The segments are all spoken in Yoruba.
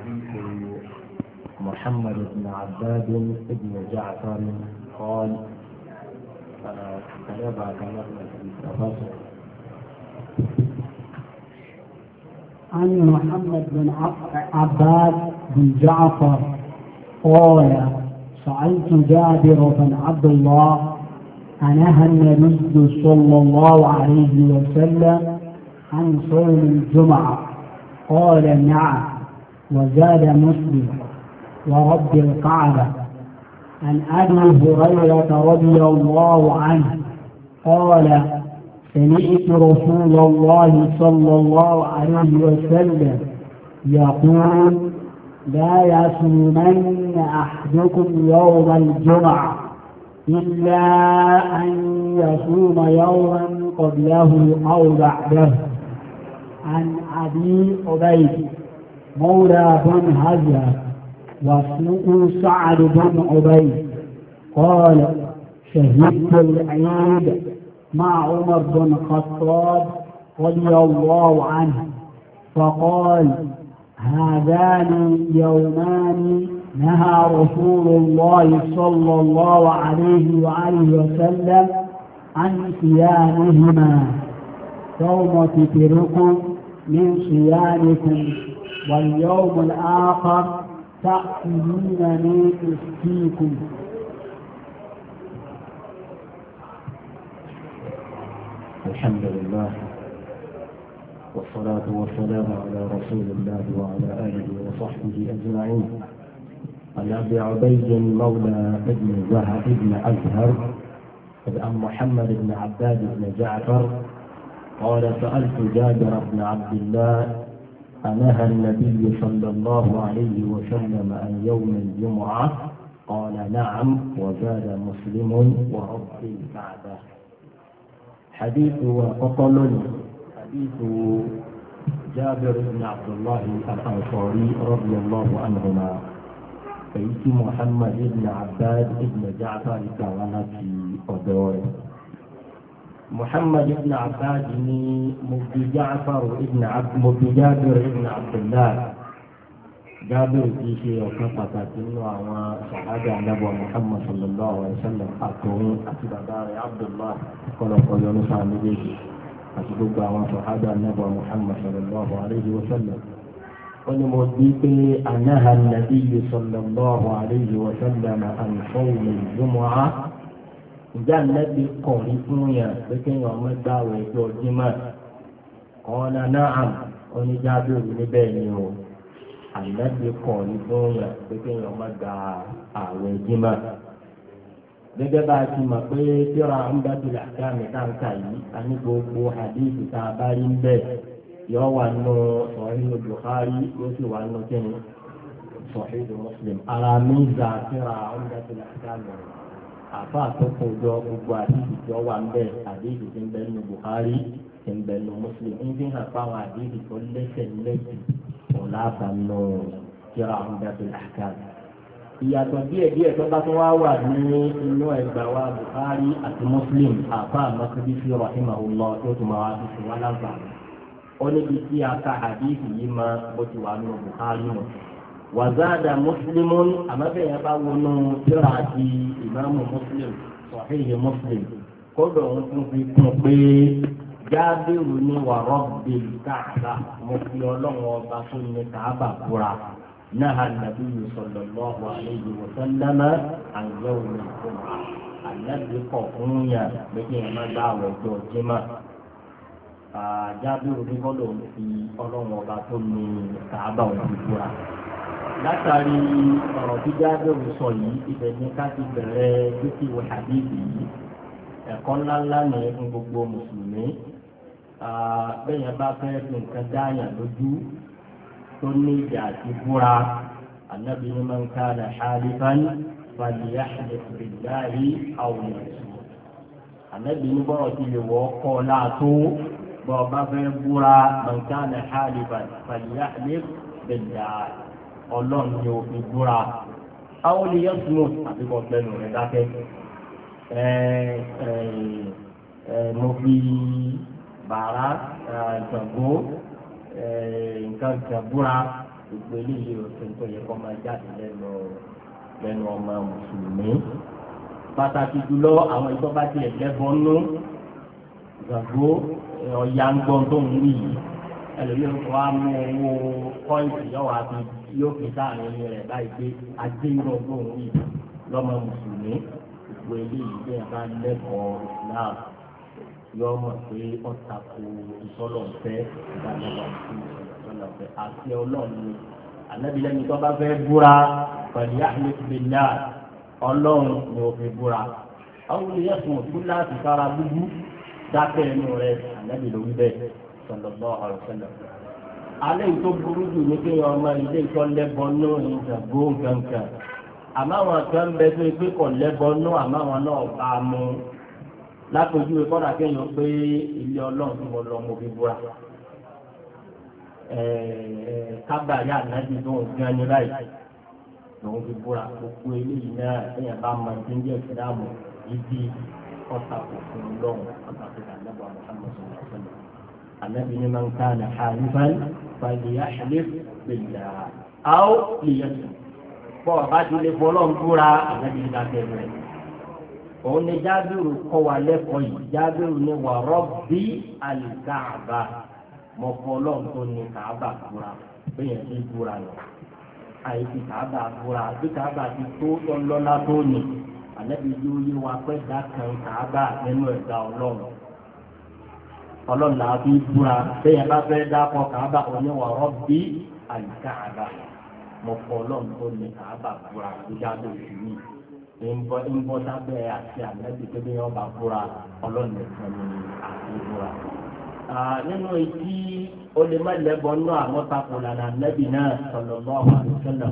حديث محمد بن عباد بن جعفر قال تتابع كلام عن محمد بن عباد بن جعفر قال سألت جابر بن عبد الله أنهى النبي صلى الله عليه وسلم عن صوم الجمعة قال نعم وزاد مسلم ورب القعبة عن أبي هريرة رضي الله عنه قال سمعت رسول الله صلى الله عليه وسلم يقول لا يصومن أحدكم يوم الجمعة إلا أن يصوم يوما قبله أو بعده عن أبي عبيد مولى بن هزة واسمه سعد بن عبيد قال شهدت العيد مع عمر بن الخطاب رضي الله عنه فقال هذان يومان نهى رسول الله صلى الله عليه وآله وسلم عن صيامهما يوم تتركم من صيامكم واليوم الآخر من فيكم الحمد لله والصلاة والسلام على رسول الله وعلى آله وصحبه أجمعين عن أبي عبيد مولى ابن زهر ابن أزهر عن محمد بن عباد بن جعفر قال سألت جابر بن عبد الله أنهى النبي صلى الله عليه وسلم عن يوم الجمعة قال نعم وزاد مسلم ورب الكعبة حديث وقتل حديث جابر بن عبد الله الأنصاري رضي الله عنهما بيت محمد بن عباد بن جعفر كانت في أدوره محمد بن عباد بن مبدي جعفر ابن عبد مبدي جابر ابن عبد الله جابر في شيء وكفى تنوى وصحابة النبي محمد صلى الله عليه وسلم أتوني أتبع دار عبد الله قال قال يونس عن نبيه أتبع وصحابة النبي محمد صلى الله عليه وسلم قال مبديك أنهى النبي صلى الله عليه وسلم عن صوم الجمعة ǹjẹ́ ànábì kọ̀rí fún yàn pé kéèyàn ọmọ gbà wọ ẹjọ́ jímọ̀ ọ̀nà náà oníjáde òun níbẹ̀ ni o ànábì kọ̀rí fún yàn pé kéèyàn ọmọ gbà àwẹ̀ jímọ̀ gẹ́gẹ́ bá a ti mọ̀ pé tíra ń bá ti là ká mi ká ń kà yìí a ní gbogbo àdéhùn tá a bá rí ń bẹ̀ yọ wà nù sọ̀hìn Bukhari ó sì wà nù kẹ́ni sọ̀hìn Muslim ara mi ń zà tíra ń àfa àtọkọ ọjọ gbogbo àdìsí tí wọn wà ń bẹ àdìsí ń ń Muslim ń fi hàn àdìsí tó ọ̀la àbànú kíra àwọn dàbí ìyàtọ̀ wa àti Muslim àfa àmọ́síbí sí rahimahullah tó tún máa wá sí sí wá láǹfààní. ó níbi tí a ka àdìsí yìí máa bó ti wà wàzáàdà mùsùlùmù àmọ́bẹ̀ yẹn bá wọnú tíra àti ìmáàmù mùsùlùmù sọ̀híhì mùsùlùmù kódò ń tún fi kún pé jábìrù ni wà rọ́bì káàbà mo fi ọlọ́run ọba tó ní káàbà búra náà nàbí sọ̀lọ̀ lọ́wọ́ àlejò wọ́sánlámà àyẹ̀wò ìfọ̀mà ànábì kọ̀ fún yàn méjì yẹn má gbá àwọn ọjọ́ jimá jábìrù ni kódò ń fi ọlọ́run ọba tó ní káàbà òfin búra látàrí ọ̀rọ̀ gíga bẹ̀rù sọ yìí ibẹ̀ ni ká ti bẹ̀rẹ̀ títí wọ hadithi yìí ẹ̀kọ́ ńláńlá ní fún gbogbo mùsùlùmí bẹ́yẹn bá fẹ́ fi nǹkan dáyàn lójú tó ní ìjà àti búra ànábi ní máa ń ká àdá ṣáàlìfán fàlìyà àdìsìbìláì àwọn ẹ̀sùn ànábi ní bọ́rọ̀ ti lè wọ́ kọ́ láàtó bọ́ọ̀ bá fẹ́ búra máa ń ká àdá ṣáàlìfán fàlìyà àdìsìbìláì ọlọ́run ni o fi búra àwọn olùyẹ sùnmù àti kò pẹ̀lú rẹ̀ dákẹ́ mo fi bàrà gbàgbó nǹkan gbàgbóra gbogbo eléyìí òfin tó yẹ kó máa jáde lẹ́nu lẹ́nu ọmọ mùsùlùmí pàtàkì jùlọ àwọn ìtọ́ba tiẹ̀ lẹ́bọn nú gbàgbó ọ̀yà ń gbọ́n tó ń wí yìí ẹlòmíràn wà mú owó kọ́ìtì yọ̀ wá yóò fi sáàrin ní rẹ̀ báyìí pé adé irọ́ lóhùn yìí lọ́mọ mùsùlùmí gbogbo eléyìí bẹ́ẹ̀ bá lẹ́kọ̀ọ́ islam yóò mọ̀ pé ọ̀tà kò ìsọlọ̀fẹ́ ìdánilọ́ ìsọlọ̀fẹ́ àti ọlọ́run ni ànábìlẹ́ni tó bá fẹ́ búra pẹ̀lú àhìlẹ́sìlẹ́yà ọlọ́run ni ó fi búra àwọn olùyẹ̀sùn òtún láti sára gbúgbú dákẹ́ ẹnu rẹ̀ ànábìlẹ́ òwúbẹ̀ sọlọ́gbọ́ ọ̀rọ̀ sọlọ́gbọ́ alẹ́ yìí tó burú jù ní pé ọmọ ilé ìtọ́ lẹ́bọ náà ní ìdàgbò gangan àmọ́ àwọn kan ń bẹ tó pé kò lẹ́bọ náà àmọ́ àwọn náà bá a mú látọjú ẹ kọ́dà kéèyàn pé ilé ọlọ́run tí mo lọ mo fi búra kábàáyà nàbí tó ń gan ni báyìí lòun fi búra gbogbo eléyìí náà èèyàn bá máa ti ń jẹ́ ìsìlámù ibi ọ̀tà òfin ọlọ́run ọ̀tà òfin àlẹ́bọ̀ àwọn ọ̀tá mọ̀sán àlẹ́bí ni máa ń ká àlẹ́ àlùfáà فليحلف بالله أو ليصمت bọ́ọ̀ bá ti lè fọlọ́n búra àgbẹ̀bí ìdákẹ́ rẹ̀ òun ni jábìrù kọ́ wa lẹ́kọ̀ọ́ yìí jábìrù ni wà rọ́bì àlìkàbà mọ̀ fọlọ́n tó ní kàbà búra bẹ́ẹ̀ ti búra lọ àìsí kàbà búra àti kàbà ti tó tọ́lọ́lá tó ní àlẹ́bí yóò yé wa pẹ́ dákan kàbà nínú ẹ̀dá ọlọ́run ọlọ́nà àbí búra bẹ́yẹn bá fẹ́ dákọ̀ kàábà oníwà rọ́bì àlùkàábà mo fọ ọlọ́run tó ní kàábà búra ìjà ló fi mí ìbọ ìbọ sábẹ́ àti àmẹ́bí tó bí wọ́n bá búra ọlọ́run nìkan ní àti búra. nínú etí ó lè má lẹ́bọ̀ náà àmọ́ papò lànà àmẹ́bí náà sọ̀rọ̀ lọ́wọ́ àlùkẹ́lẹ̀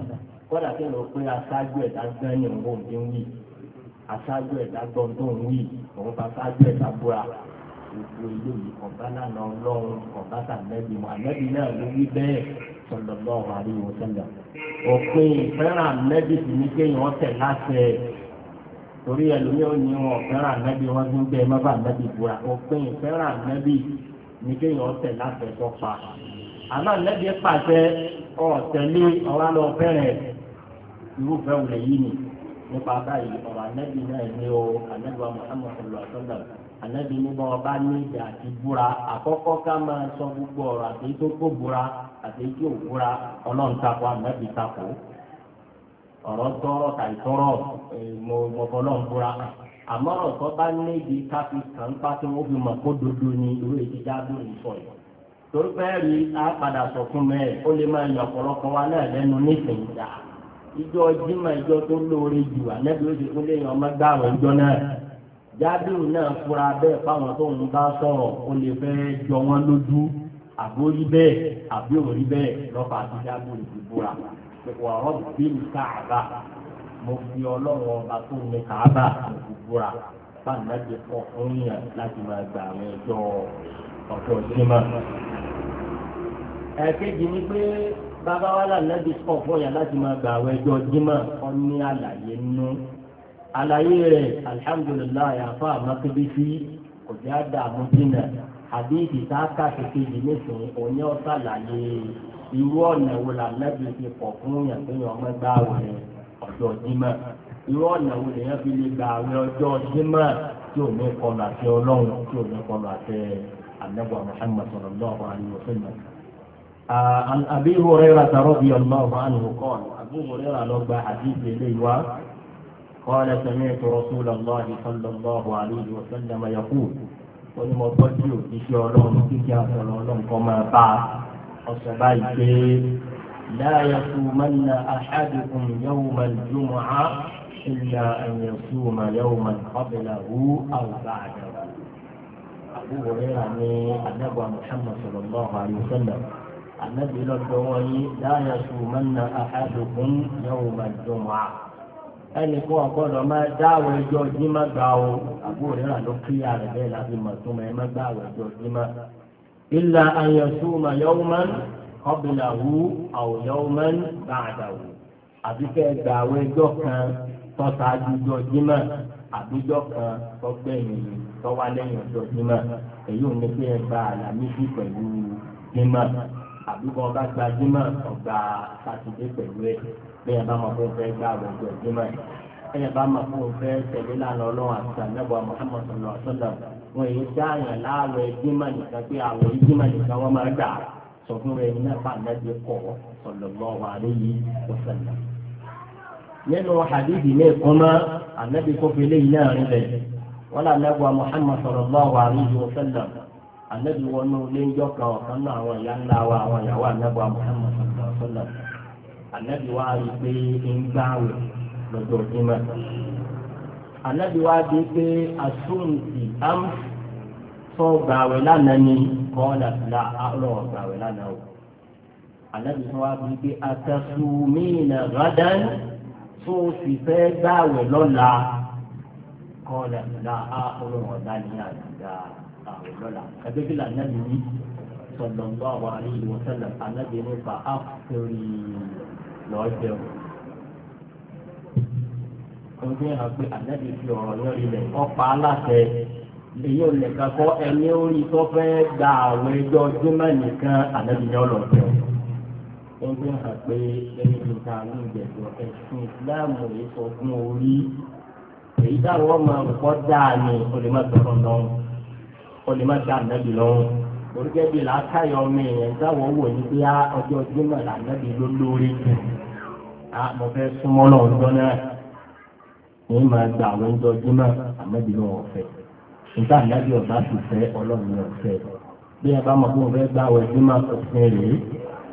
kọ́dà kí ló pé aṣáájú ẹ̀dá gbẹ́ ni òun ò ń wí aṣáájú ẹ̀dá gbọ́n tó ń wí òun bá aṣáájú gbogbo ilé yìí ọ̀bá lánàá ọlọ́run ọ̀bá tàbí ànábì náà ló wí bẹ́ẹ̀ sallallahu alaihi wasallam. òpin ìfẹ́ràn ànábì sì ní kéèyàn tẹ̀ láṣẹ torí ẹlòmíràn ní wọn fẹ́ràn ànábì wọn tún bẹ́ẹ̀ má bà ànábì búra òpin ìfẹ́ràn ànábì ní kéèyàn tẹ̀ láṣẹ tó pa. àmọ́ ànábì pàṣẹ ọ̀tẹ̀lé ọ̀wá lọ fẹ́rẹ̀ irúfẹ́ wùlẹ̀ yìí ni nípa báyìí ọ̀rọ̀ ànábì náà ní o ànábì wa Muhammad sallallahu alaihi wasallam ànábi nígbà ọba ní ìdá àti búra àkọ́kọ́ ká máa sọ gbogbo ọ̀rọ̀ àti tó kó búra àti tí ò búra ọlọ́run takò ànábi takò ọ̀rọ̀ tọrọ tàì tọrọ mọ̀fọlọ́n búra àmọ́ ọ̀tọ́ bá níbi ká fi kàn pa fi mọ̀ kó dodo ni dábò yìí rí a padà sọ fún ẹ̀ ó lè máa ọ̀pọ̀lọpọ̀ wa náà lẹ́nu ìjọ jimá ìjọ tó lóore jù ànábi ó ti kún jábìrù náà fura bẹ́ẹ̀ fáwọn tó ń bá sọ̀rọ̀ ó lè fẹ́ jọ wọ́n lójú àbí orí bẹ́ẹ̀ àbí òrí bẹ́ẹ̀ lọ́fà àti jábìrù ti búra wà rọ́bì káàbà mo fi ọlọ́run ọba tó ń lè káàbà ti búra báyìí láti kọ́ fún yàn láti máa gba àwọn ẹjọ́ ọ̀tọ̀ sinimá. ẹ̀ẹ́kejì ni pé bàbá wa lànà fún yàn láti máa gba àwọn ẹjọ́ jimá ọ àlàyé rẹ̀ alhamdulillah àfa àmọ́kébísí kò jẹ́ àdààmú dínà àbí ìdìtáàkà kékeré nísìnyí òní ọ̀sà làyè irú ọ̀nà wo là nẹ́bí ti pọ̀ fún yàn pé yàn ọmọ gbà wẹ̀ ọjọ́ jímọ̀ irú ọ̀nà wo lè yàn fi lè gbà wẹ̀ ọjọ́ jímọ̀ tí ò ní kọlu àti ọlọ́run tí ò ní kọlu àti àdẹ́gbọ̀n Muhammad sallallahu alaihi wasallam. Abi Hurairah radiyallahu anhu qala Abi Hurairah lọ gba àdìsí ilé wa. قال سمعت رسول الله صلى الله عليه وسلم يقول wọ́n mọ̀ tọ́jú òṣìṣẹ́ ọlọ́run kíkẹ́ àtọ̀rọ̀ ọlọ́run kan máa bá a ọ̀sẹ̀ báyìí pé láàyè sùmánà àṣàdìkùn yóò máa jùmọ̀ á ìlà ẹ̀yẹ sùmà yóò máa kọ́bìlà hù àwùbá àdàbà. àbúrò rẹ̀ ní anábọ̀ muhammad sallallahu alayhi wa wọn ní láàyè sùmánà àṣàdìkùn yóò jùmọ̀ á ẹnìkan ọ̀gbọ́dọ̀ máa dáwọ̀ ẹjọ́ jímọ̀ gbà o àbúrò rẹ̀ ló kíyà rẹ̀ bẹ́ẹ̀ láti mọ̀ tó mọ̀ ẹ má gbàwọ̀ ẹjọ́ jímọ̀. ilà àyànṣu mà yọ̀wọ́ máa ń kọ́bìnà wú àwòyọ̀wọ́ máa ń bá àdà wù. àbí kẹ́ ẹ gbàwọ̀ ẹjọ́ kan tọ́ta àdújọ́ jímọ̀ àdújọ́ kan tọ́gbẹ̀yìn tọ́wá lẹ́yìn ọjọ́ jímọ̀ èyí ò ní pé ẹ gba àlàmísì pẹ̀lú jímọ̀ àbí bẹ́ẹ̀ bá máa fún fẹ́ gbá àwọn ọjọ́ ìdímọ̀ ẹ̀ bá máa fún fẹ́ tẹ̀lé lánà ọlọ́run àti ànábọ̀ Muhammad sọ̀nà ọ̀sọ́dọ̀ wọn èyí dáhùn láàrọ̀ ìdímọ̀ nìkan pé àwọn ìdímọ̀ nìkan wọ́n máa dà sọ fún rẹ̀ ní nàbà nàbì kọ̀ sallallahu alaihi wasallam. nínú hadithi ní ìkọ́mọ́ Muhammad sallallahu alaihi wasallam ànábì wọnú ilé ìjọ kan ọ̀kan náà àwọn ìyá ńlá wa àwọn ìyàwó ànábọ̀ Muhammad sallallahu alaihi wasallam ànábì wa rí pé ń gbáwẹ̀ lọ́jọ́ Jímọ̀ ànábì wa rí pé àsúntì am sọ gbàwẹ̀ lánàá ni kọ́ńdà la àrọ̀ gbàwẹ̀ lánàá o ànábì wa rí pé àtàkùnmíìnà rádán tó fi fẹ́ gbàwẹ̀ lọ́la kọ́ńdà la àrọ̀ ọ̀dánìyà gbà àwẹ̀ lọ́la ẹgbẹ́ bí làǹdà mi rí sọ̀dọ̀ ń bá wa rí ìwọ̀sẹ̀lẹ̀ ànábì nípa áfírí lọ́ọ́ jẹun. ọdún yẹn pé ànábì fi ọ̀rọ̀ yẹn rilẹ̀ ọ̀pá aláṣẹ èyí ò lè kankọ́ ẹni orí tó fẹ́ gba àwọn ẹjọ́ jimá nìkan ànábì yẹn lọ jẹun. ọdún yẹn pé ẹni tó ta ní ìgbẹ̀jọ ẹ̀sìn ìsìláàmù yìí sọ fún orí èyí táwọn ọmọ ọ̀pọ̀ dáa ni olè má tọrọ lọ́wọ́ olè má dáa ànábì lọ́wọ́ orúkẹ́ bíi làákàyọ̀ ọmọ èèyàn táwọn wò ní bí ah, ọjọ́ jímọ̀ làǹdàbí ló lórí jù ah, mo fẹ́ súnmọ́ náà ọjọ́ náà ní máa gba àwọn ọjọ́ jímọ̀ àmọ́bí náà ọ̀fẹ́ nígbà àǹdàbí ọ̀bá sì fẹ́ ọlọ́run náà fẹ́ bí ẹ bá mọ̀ pé mo gba àwọn jímọ̀ òfin rèé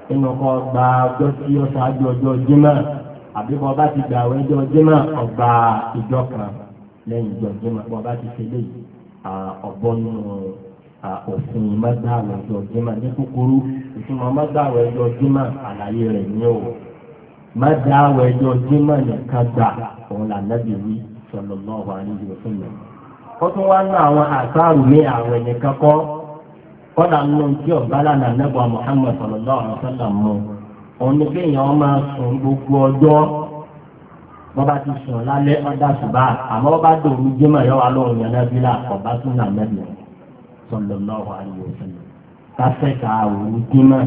nínú kọ́ gba ọjọ́ tí ó ṣáájú ọjọ́ jímọ̀ àbí kọ́ bá ti gba àwọn ọjọ́ jímọ̀ ọgbà ìjọ kan lẹ́yìn ìjọ jímọ̀ kọ́ bá ti ṣe léyìí ọ̀bọ nínú òfin mọ́gbàwọ̀ ọjọ́ jimá ní kúkúrú ìtumọ̀ mọ́gbàwọ̀ ọjọ́ jimá àlàyé rẹ̀ ní o mọ́gbàwọ̀ ọjọ́ jimá nìkan gbà òun là nàbì wí sallallahu alaihi wa sallam. ó tún wá ná àwọn àṣàrù ní àwọn ẹnìkan kọ́ kọ́dà nínú tí ọ̀gá lànà nẹ́bà Muhammad sallallahu alaihi wa sallam mú òun ní kéèyàn máa sùn gbogbo ọjọ́ bọ́ba ti sùn lálẹ́ ọ̀dà ṣùgbọ́n àmọ́ bá dòun jimá yọ sallallahu alaihi wasallam kásẹ̀ ká òun dímọ̀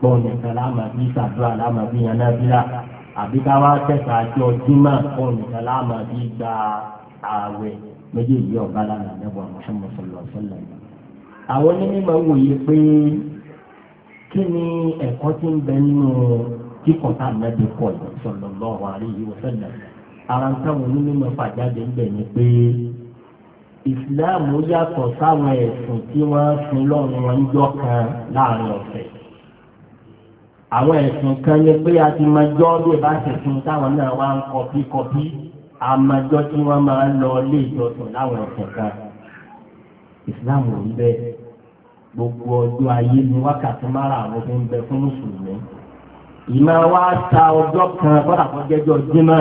pọ̀ nìkan láàmà bí sàdúrà láàmà bí yanábílà àbí ká wá tẹ̀sà àjọ dímọ̀ pọ̀ nìkan láàmà bí gba ààwẹ̀ méjèèjì ọ̀gá lánàá nẹ́bọ̀ Muhammad sallallahu alaihi wasallam. àwọn onímọ̀ wòye pé kí ni ẹ̀kọ́ tí ń bẹ nínú kíkọ̀ tá ànábi kọ̀ sallallahu alaihi wasallam. ara onímọ̀ fàjáde ń bẹ̀ ni pé ìsìláàmù yàtọ̀ sáwọn ẹ̀sìn tí wọ́n sin lọ́rùn wọn jọ kan láàrin ọ̀sẹ̀ àwọn ẹ̀sìn kan ní pé a ti máa jọ́ bí ẹ bá ṣe fún táwọn náà wá ń kọpí kọpí àmàjọ tí wọ́n máa ń lọ ilé ìjọsìn láwọn ọ̀sẹ̀ kan ìsìláàmù ò ń bẹ gbogbo ọjọ́ ayé ni wákàtí márààrún fi ń bẹ fún mùsùlùmí ìmọ̀ wa ta ọjọ́ kan bọ́dà kọjá Jímọ̀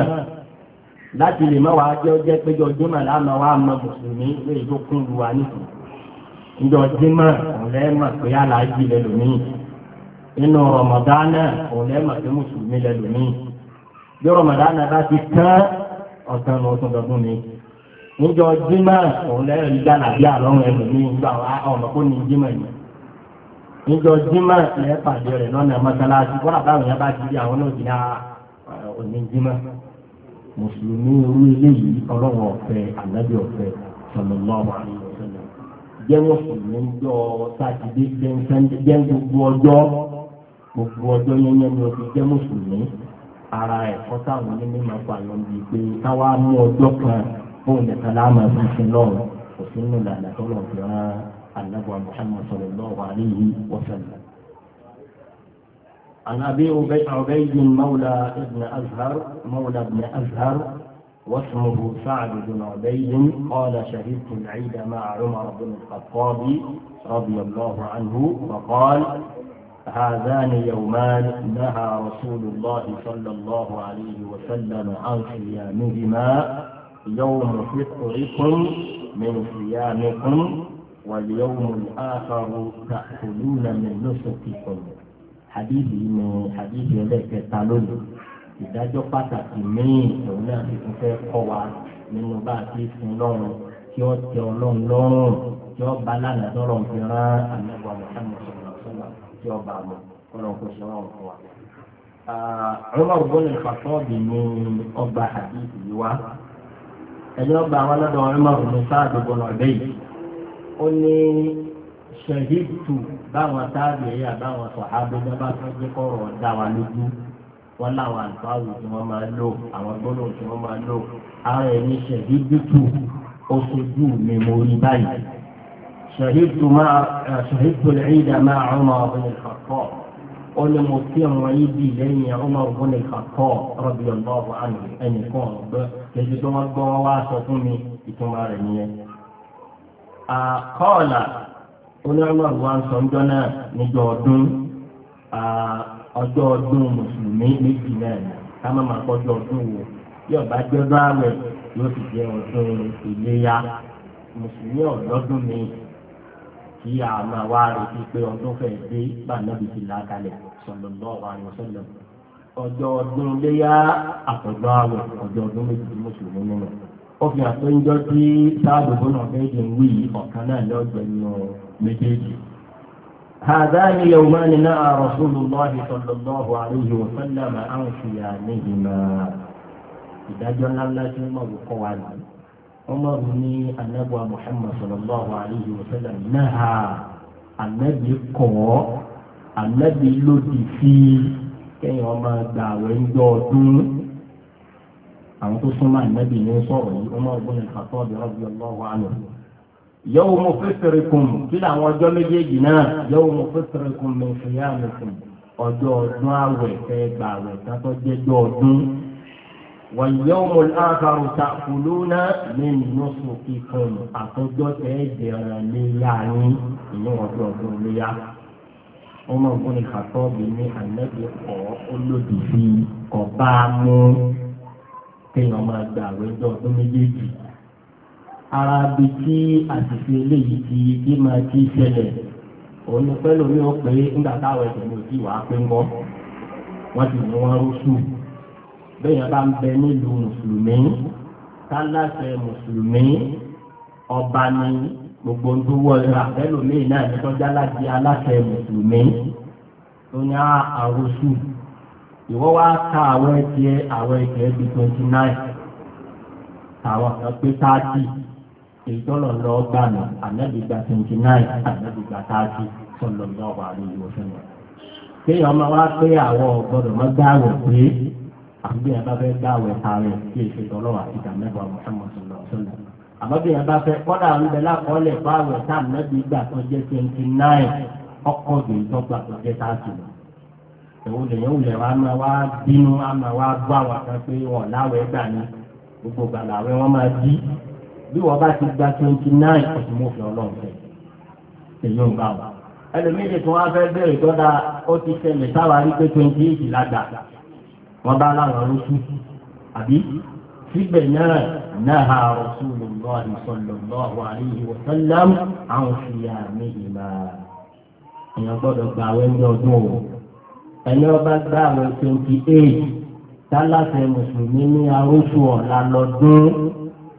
láti lè má wàá jẹ́ ọjẹ́ péjọ jimá lánà wà á mùsùlùmí lórí tó kún lu wa nìkan ìjọ jimá ọ̀lẹ́ mà pé aláàjì lẹ lómìn nínú rọmọdánà ọ̀lẹ́ mà pé mùsùlùmí lẹ lómìn bí rọmọdánà bá ti tán ọ̀sán lọ́sùn dọ́dún ni níjọ jimá ọ̀lẹ́ ìdálàbí àlọ́run ẹ lómìn gbà wá ọ̀nà kó ní jimá yìí níjọ jimá lẹ́ẹ̀pàdé rẹ̀ lọ́nà mọ́sálásí kọ́lá mùsùlùmí irú ilé yìí ọlọ́run ọ̀fẹ́ ànábì ọ̀fẹ́ sallallahu alaihi wasallam jẹ́ mùsùlùmí jọ sátidé jẹ́ gbogbo ọjọ́ gbogbo ọjọ́ yẹnyẹn ni o fi jẹ́ mùsùlùmí ara ẹ̀kọ́ táwọn onímọ̀ máa pa àyàn bíi pé káwá mú ọjọ́ kan fún ìdẹ̀ka láàmú ẹ̀fọn sí lọ́rùn òfin nù làlà tó rán ànábì Muhammad sallallahu alaihi wasallam عن أبي عبيد مولى ابن أزهر مولى ابن أزهر واسمه سعد بن عبيد قال شهدت العيد مع عمر بن الخطاب رضي الله عنه فقال هذان يومان نهى رسول الله صلى الله عليه وسلم عن صيامهما يوم فطركم من صيامكم واليوم الآخر تأكلون من نسككم hadithi ni hadithi ẹlẹ́kẹta lónìí ìdájọ́ pàtàkì míì òun náà ti tún fẹ́ kọ́ wa nínú bá a ti sin lọ́rùn tí ó tẹ ọlọ́run lọ́rùn tí ó bá lánàá tọ́lọ̀ fi rán àmẹ́wà mọ̀sánmọ̀ sọ̀rọ̀ sọ̀rọ̀ tí ó bá a mọ̀ kọ́lọ̀ kó ṣe wọ́n fún wa. Ah, Umar ibn al ni ọgbà hadithi yìí wá ẹni ọgbà wọn lọ́dọ̀ Umar ibn Sa'd ṣẹ̀hídù báwọn táàbì ẹ̀yà báwọn sọ̀hábẹ́ náà bá fẹ́ jẹ́ kọ́rọ̀ dá wa lójú wọn láwọn àlùfáàwù tí wọ́n máa lò àwọn gbólóhùn tí wọ́n máa lò ara ẹni ṣẹ̀hídù ó ṣojú mi mo rí báyìí ṣẹ̀hídù máa ṣẹ̀hídù ìdá máa ọmọ ọ̀gbìn ìfàkọ́ ó ní mo fi àwọn yìí bì lẹ́yìn ọmọ ọ̀gbìn ìfàkọ́ rọ̀bì ọ̀gbọ́n àná ẹnìkan onímọ̀ wa ń sọ ńjọ́ náà níjọ́ ọdún ọjọ́ ọdún mùsùlùmí méjì náà ká má máa kọjú ọdún wò yóò bá jẹ́ báwẹ̀ yóò sì jẹ́ ọdún ìléyà mùsùlùmí ọ̀dọ́dún mi kí a máa wá retí pé ọdún fẹ́ẹ́ dé bá ti là kalẹ̀ sallallahu alaihi wasallam ọjọ́ ọdún léyà àtọ̀dọ́ àwẹ̀ ọjọ́ ọdún méjì mùsùlùmí nínú ó fi hàn pé sáà méjèèjì. هذان يومان نأى رسول الله صلى الله عليه وسلم عن صيامهما ìdájọ́ ńláńlá tí wọ́n máa wò kọ́ wa nìyí wọ́n máa wò ní anábọ̀ Muhammad sallallahu alayhi wa sallam náà anábì kọ́ anábì lòdì sí kẹ́yìn ọmọ gbà àwẹ̀ ń jọ ọdún àwọn tó súnmọ́ anábì ní sọ̀rọ̀ yìí wọ́n máa wò ní Khattab radiyallahu anhu yóò mú fẹsẹrẹ kùn kí làwọn ọjọ́ méjèèjì náà yóò mú fẹsẹrẹ kùn mẹ fẹyà mi kùn ọjọ́ ọdún àwẹ̀ fẹ gbà wẹ̀ kátó jẹjọ ọdún wà yóò mú láàkàrò ta kùlú náà ní nùsùn kíkùn àtọjọ tẹ ẹ jẹrán léyà yín ìyẹn ọjọ́ ọdún léyà wọn máa ń fún ìkàtọ́ mi ní ànábì kọ́ olódìsí kọ́ mú kéèyàn máa gbà wẹ̀ ọjọ́ ọdún méjèèjì ara bi tí àtìsí eléyìí ti ti máa ti ṣẹlẹ̀ òun ni pẹ́lú mi ò pé nígbà táwọn ẹ̀sẹ̀ mi ò tí wàá pé ń bọ́ wọ́n ti mú wọn rúṣù bẹ́ẹ̀ yẹn bá ń bẹ nílùú mùsùlùmí kálásẹ̀ mùsùlùmí ọba ni gbogbo ń dúró ẹ̀rọ àbẹ́lò míì náà ní tọ́jà láti aláṣẹ mùsùlùmí tó ní àrùsù ìwọ́ wá ká àwọn ẹ̀jẹ̀ àwọn ẹ̀jẹ̀ bíi twenty nine àwọn kan pé thirty ìtọ́lọ̀ lọ gbànà ànábìgbà twenty nine ànábìgbà thirty sọlọ lọ wà ní ìwòsàn náà. kéèyàn máa wá pé àwọn ọ̀gbọ́dọ̀ máa gbààwẹ̀ pé àbí ẹ bá fẹ́ gbààwẹ̀ ààrẹ kí èsì tọ́lọ̀ àti ìdánẹ́bà Muhammad sọlọ sọlọ. àmọ́ bí ẹ bá fẹ́ kọ́dà ń bẹ lákọọ́lẹ̀ fáwẹ̀ tá ànábìgbà tó jẹ́ twenty nine ọkọ̀ gbé ìtọ́gbà tó jẹ́ thirty lọ òun lèyìn òun lè wa máa wá bínú á máa wá bí wọ́n bá ti gba twenty nine ọ̀sùn mọ́fì ọlọ́run fẹ́ èyí ń bá wọn. ẹlòmíì tí wọ́n fẹ́ bẹ̀rẹ̀ tọ́da ó ti ṣẹlẹ̀ sáwà rí pé twenty eight lágbà wọ́n bá láwọn rúṣú àbí síbẹ̀ náà náà Rasulullahi sallallahu alaihi wa sallam àwọn fìyà méjì máa èèyàn gbọ́dọ̀ gba àwọn ẹni ọdún o ẹni ọba gba àwọn twenty eight tálàfẹ́ mùsùlùmí ní arúṣù ọ̀la lọ́dún.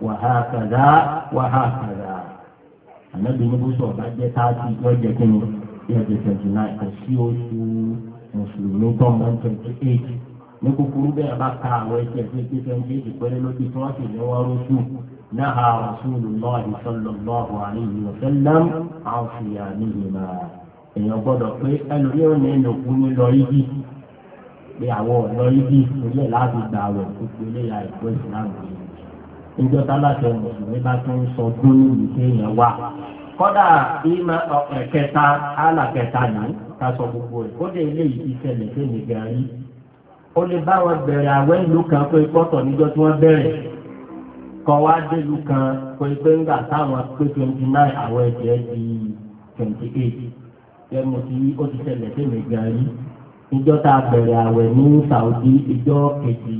wàhákàdá wàhákàdá ànábi ní bùsọ̀ bá jẹ́ táàtì lọ́jọ́ kínní lọ́jọ́ twenty nine kò sí oṣù mùsùlùmí tó ń bá twenty eight ní kúkúrú bẹ́ẹ̀ bá ka àwọn ẹsẹ̀ tó ti twenty eight pẹ́rẹ́ lójú tí wọ́n sì ní wọ́n rọ́ṣù náà Rasulullahi sallallahu alaihi wa sallam àwọn fìyà níyì máa èèyàn gbọ́dọ̀ pé ẹlòmí ò ní ìlòkù ní lọ yíyí pé àwọn ọ̀lọ́ yíyí ìpínlẹ̀ láti gbà wọ̀ gbogbo ilé ìyá ìgbọ́ ìsìlámù yìí ìjọ tálákẹ́ mùsùlùmí bá tún sọ gbóyè yìí kéèyàn wá kọ́dà ìmọ̀ ẹ̀kẹta alàkẹta yìí ká sọ gbogbo ẹ̀ kó dé ilé ti ṣẹlẹ̀ kéèyàn gàrí ó lè bá wọn bẹ̀rẹ̀ àwẹ̀ ìlú kan pé pọ́tọ̀ níjọ́ tí wọ́n bẹ̀rẹ̀ kọ́ wá délùú kan pé pé ńgbà táwọn pé twenty nine àwọn ẹ̀jẹ̀ di twenty eight ẹnu tí ó ti ṣẹlẹ̀ kéèyàn gàrí ìjọ tá bẹ̀rẹ̀ àwẹ̀ ní Saudi ìjọ kejì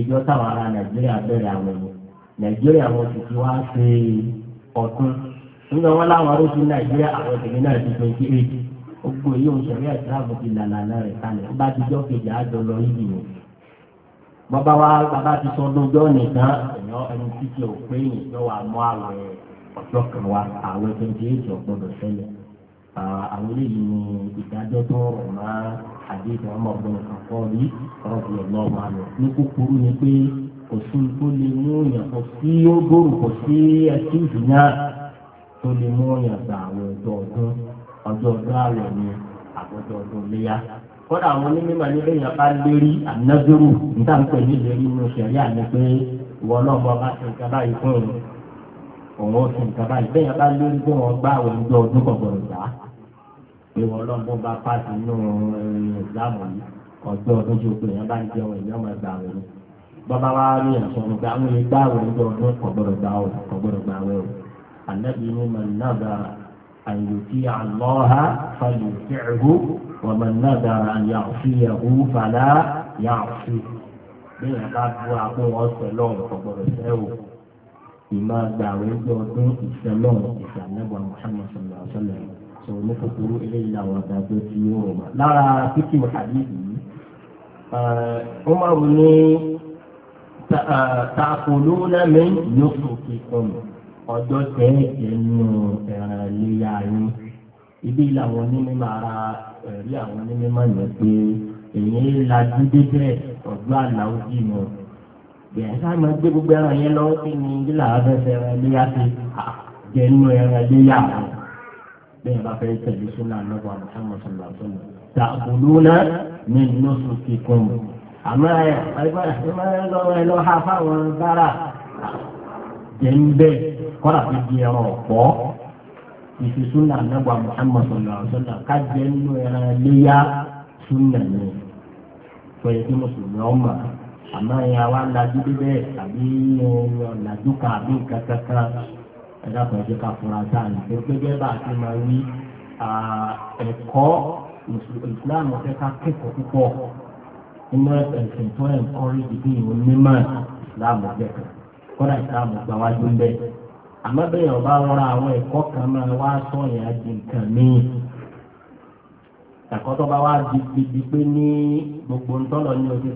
ìjọ táwọn ará Nàìjíríà bẹ̀rẹ̀ àwẹ̀ yìí nàìjíríà wọn ti ti wá ṣe ọ̀tún nígbà wọn láwọn arójú nàìjíríà àwọn tèmi náà ti twenty eight gbogbo èyí ò sọ̀rọ̀ ìsìláàmù ti lànà rẹ̀ kalẹ̀ ó bá ti jọ́ kejì àjọ lọ yìí nù. bàbá wa bàbá ti sọ nìkan ẹ̀yọ́ ẹni pé kò sí tó lè mú yàn kò sí ogóòrò kò sí ẹtí ìdùnnà tó lè mú yàn gba àwọn ọjọ́ ọdún ọjọ́ ọdún àwẹ̀ ni àbọ̀dọ̀ ọdún léyà kódà àwọn onímọ̀ ní lẹ́yìn apá lérí ànágbèrú níta ń pè ní lérí inú sẹ̀rí àná pé ìwọ náà bọ́ bá ṣe nǹkan báyìí fún òun òun ó ṣe nǹkan báyìí bẹ́ẹ̀ apá lérí pé wọ́n gbá àwọn ọjọ́ ọdún kọ̀ọ̀kan gbà á náà bọ́ bá pàṣẹ nínú ẹ̀rọ eh, ìzámù yìí ọdún tó pè yẹn bá ń jẹun ìyá ọmọ ẹgbàá rẹ̀ bàbá wa rí ẹ̀sùn gba àwọn ìgbà àwọn ìjọ ọdún kọ̀gbọ́dọ̀ gbà ọ̀ kọ̀gbọ́dọ̀ gbà wẹ̀ o ànábì ní man nadara an yuti'a Allaha falyuti'hu wa man nadara an ya'siyahu fala ya'si bẹ́ẹ̀ yẹn bá bu àpò wọn sẹ́lọ̀ kọ̀gbọ́dọ̀ sẹ́ o ìmọ̀ gbà àwọn ìjọ ọdún ìsẹ́lọ̀ ìsànẹ́bọ̀ Muhammad sallallahu alaihi wasallam sọ̀rọ̀ ní kòkòrò eléyìí làwọn àdájọ́ ti yóò rọ̀ mọ́ lára pípì hadith yìí Umaru ní tààkùlùnà mi yóò fi kùn ọjọ́ tẹ́ ẹnu ẹ̀ràn léyà yín ibi làwọn onímọ̀ ara ẹ̀rí àwọn onímọ̀ yẹn pé èyí lajú débẹ̀ ọ̀dọ́ àlàó jì mọ́ bẹ̀rẹ̀ sáà gbé gbogbo ẹran yẹn lọ́wọ́ sí ni bí làwọn afẹ́fẹ́ ẹran léyà ti jẹnu ẹran léyà rẹ̀ bẹ́ẹ̀ bá fẹ́ tẹ̀lé sọ́nà àlọ́wọ́ àmọ́ sọ́nà sọ́nà àmọ́ ẹgbẹ́ lọ ha fáwọn dára jẹ́ ń bẹ́ kọ́ra fi di ẹran ọ̀pọ̀ ìfi súnà nàgbà Muhammad sallallahu alaihi wasallam ká jẹ́ nínú ẹran léyà súnà ni pẹ̀lú tí mùsùlùmí ọmọ àmọ́ ẹ̀yà wa lajú bíbẹ́ àbí lajú kan àbí kankan ẹ̀dá kan ẹ̀jẹ̀ ká fura dáa ní gbẹgbẹ́ bá a ti máa wí ẹ̀kọ́ ìsìlámù fẹ́ ká kẹ́kọ̀ọ́ púpọ̀. nínú ẹ̀sìn tó ẹ̀ ń kọ́rí ìdí ìwé mímọ́ láàmú jẹ̀kọ̀ kọ́dà ìsàmù wá dún bẹ́ẹ̀. àmọ́ bẹ́ẹ̀ ọba rọra àwọn ẹ̀kọ́ kan máa wá sọ̀yìn di nǹkan di gidi pé ní gbogbo ntọ́lọ̀ ní oṣù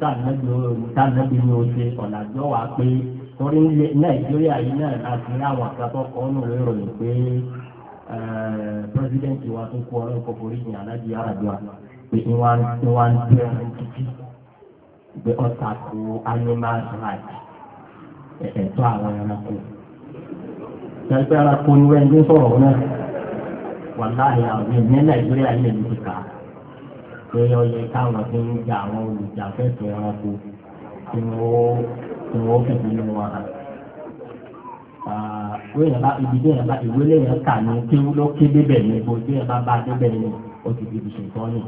tánàbí ní oṣù ọ̀làjọ́ wa pé torí nàìjíríà yìí náà láti rí àwọn kan pé eh, pírẹsidẹ́ǹtì wa tó kú pé ọ̀tà kú animal right ẹ̀ẹ̀tọ́ àwọn ẹranko. Ẹgbẹ́ ẹranko ni wẹ́n gbé sọ̀rọ̀ náà. Wàláhì àwọn ní Nàìjíríà ilẹ̀ mi ti kà á. Pé ọyẹ káwọn fi ń ja àwọn olùjàfẹ́sọ̀ ẹranko tí wọ́n fi bínú wọn hàn. Wéèyàn bá ibi déèyàn bá ìwé léèyàn kà ní kí ló ké débẹ̀ ní gbogbo déèyàn bá bá débẹ̀ ní o ti ní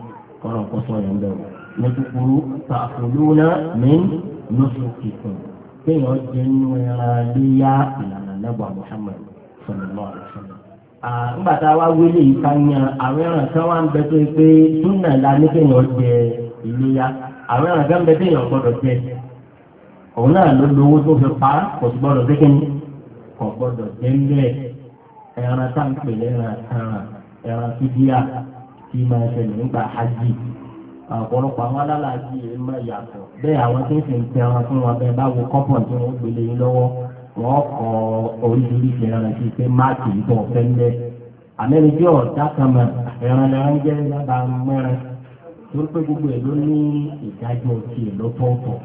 kọ́nà kọ́sọ́ yẹn bẹ̀rù lẹ́tùkúrú tààfùlúnà ní nùsùkìkùn kéèyàn jẹ́ nínú ẹran léyà ìlànà nàbà Muhammad sọlọ́lá àlùfáà. nígbà tá a wá wílé yìí ká yan àwọn ẹran kan wá ń bẹ tó pé súnà la ní kéèyàn jẹ ìléyà àwọn ẹran kan bẹ téèyàn gbọdọ̀ jẹ òun náà ló lówó tó fi pa kò sì gbọdọ̀ jẹ kò gbọdọ̀ jẹ ń ẹran tá à pè lẹ́ran kan ẹran fídíà tí máa ṣẹlẹ̀ nígbà hajj ọ̀pọ̀lọpọ̀ àwọn alálàájì yìí máa yàtọ̀ bẹ́ẹ̀ àwọn tó sì ń tẹ ẹran fún wọn bẹ́ẹ̀ báwo kọ́pọ̀ tí wọ́n gbélé yín lọ́wọ́ wọ́n kọ oríṣiríṣi ẹran sí pé máàkì yìí tó ń bẹ́ àmẹ́rin bí ọ̀dà kan ẹran jẹ́ yàrá mẹ́rin torí pé gbogbo ẹ̀ ló ní ìdájọ́ ti ẹ̀ lọ́tọ̀ọ̀tọ̀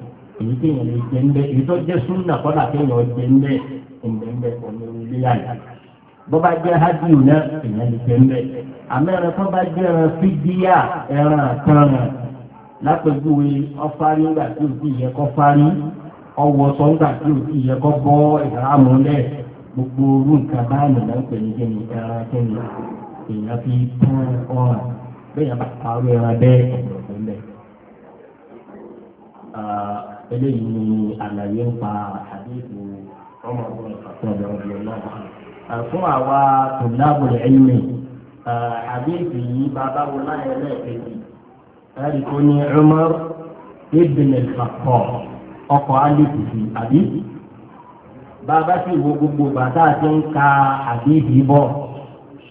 èyí kéèyàn lè jẹ́ ń bẹ́ èyí tó jẹ́ súnà kọ́dà kéèyàn jẹ́ ń bẹ́ ń bẹ́ ń bẹ́ bó bá jẹ́ hádìú náà èèyàn lè jẹ́ mbẹ́ àmọ́ ẹran tó bá jẹ́ ẹran fídíà ẹran àtàn lápẹjúwe ọfárí ńgbà tí òbí yẹ kọ́ fárí ọwọ́ sọ ńgbà tí òbí yẹ kọ́ bọ́ ìhàmù lẹ̀ gbogbo orú nǹkan báyìí náà ń pè ní kíni ẹran kíni èèyàn fi tán ọràn bẹ́ẹ̀ yẹn bá parí ẹran bẹ́ẹ̀ ọ̀dọ̀ lẹ̀. eléyìí ni àlàyé ń pa àdéhùn ọmọ ọgbọ́n ìfàkùn ọ̀dọ̀ ọ̀dọ̀ náà Ah, fún àwa tòlábù ẹ̀yìnmí àbíyèsí yìí bàbá wo láyé lẹ́ẹ̀kejì ẹ̀rí kò ní Umar ibn al-Khattab ọkọ̀ alẹ́kùn sí àbí. bàbá sì wo gbogbo bàtà àti ń ka àbíyèsí bọ̀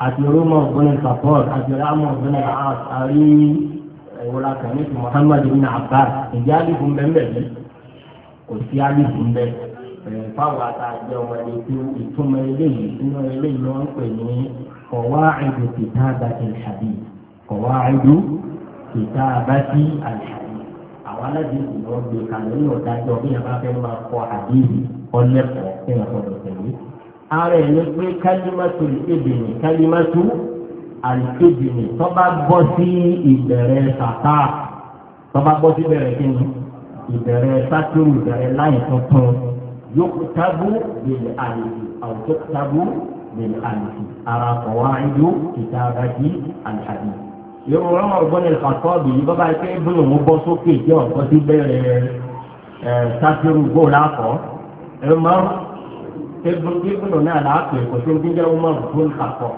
àti Umar ibn al-Khattab àti Umar ibn al-As àrí eh, ìwòlá kàní Muhammad ibn Abbas ìjà alẹ́kùn bẹ́ẹ̀ bẹ́ẹ̀ kò sí alẹ́kùn bẹ́ẹ̀. Eh, fáwọn àtàjọ ọmọdé tó ìtumọ̀ eléyìí nínú eléyìí ni wọ́n ń pè ní kọ̀wáìdù kìtàbàtì al-hadith kọ̀wáìdù kìtàbàtì al-hadith àwọn aládìsí ló gbé kalẹ̀ ní ọ̀dájọ́ bí yàrá fẹ́ máa kọ àdìsí ọlẹ́kọ̀ọ́ fún ọ̀dọ̀ tẹ̀lé. ara ẹ̀ ní pé kálímátù ìkébìnì kálímátù àìkébìnì tọ́ba gbọ́ sí ìbẹ̀rẹ̀ sàtà tọ́ba gbọ́ sí ìbẹ̀rẹ̀ kíni yókùtàbù bìlì àlìfì àwọn yókùtàbù bìlì àlìfì ara kọ̀wá ìlú kìtàbàjì àlìhàbì. yóò wọ́n wọ́n gbọ́n ní kàtọ́ọ̀bì yìí bàbá yìí pé bóyá òun bọ́ sókè jẹ́ ọ̀gbọ́n sí bẹ́ẹ̀rẹ̀ ẹ̀ sáfírù góòlù àkọ́ ẹ̀ mọ́ tẹ́gbọ́n tí bóyá náà làákè kò tó ń gbé jẹ́ ọmọ gbọ́n kàtọ́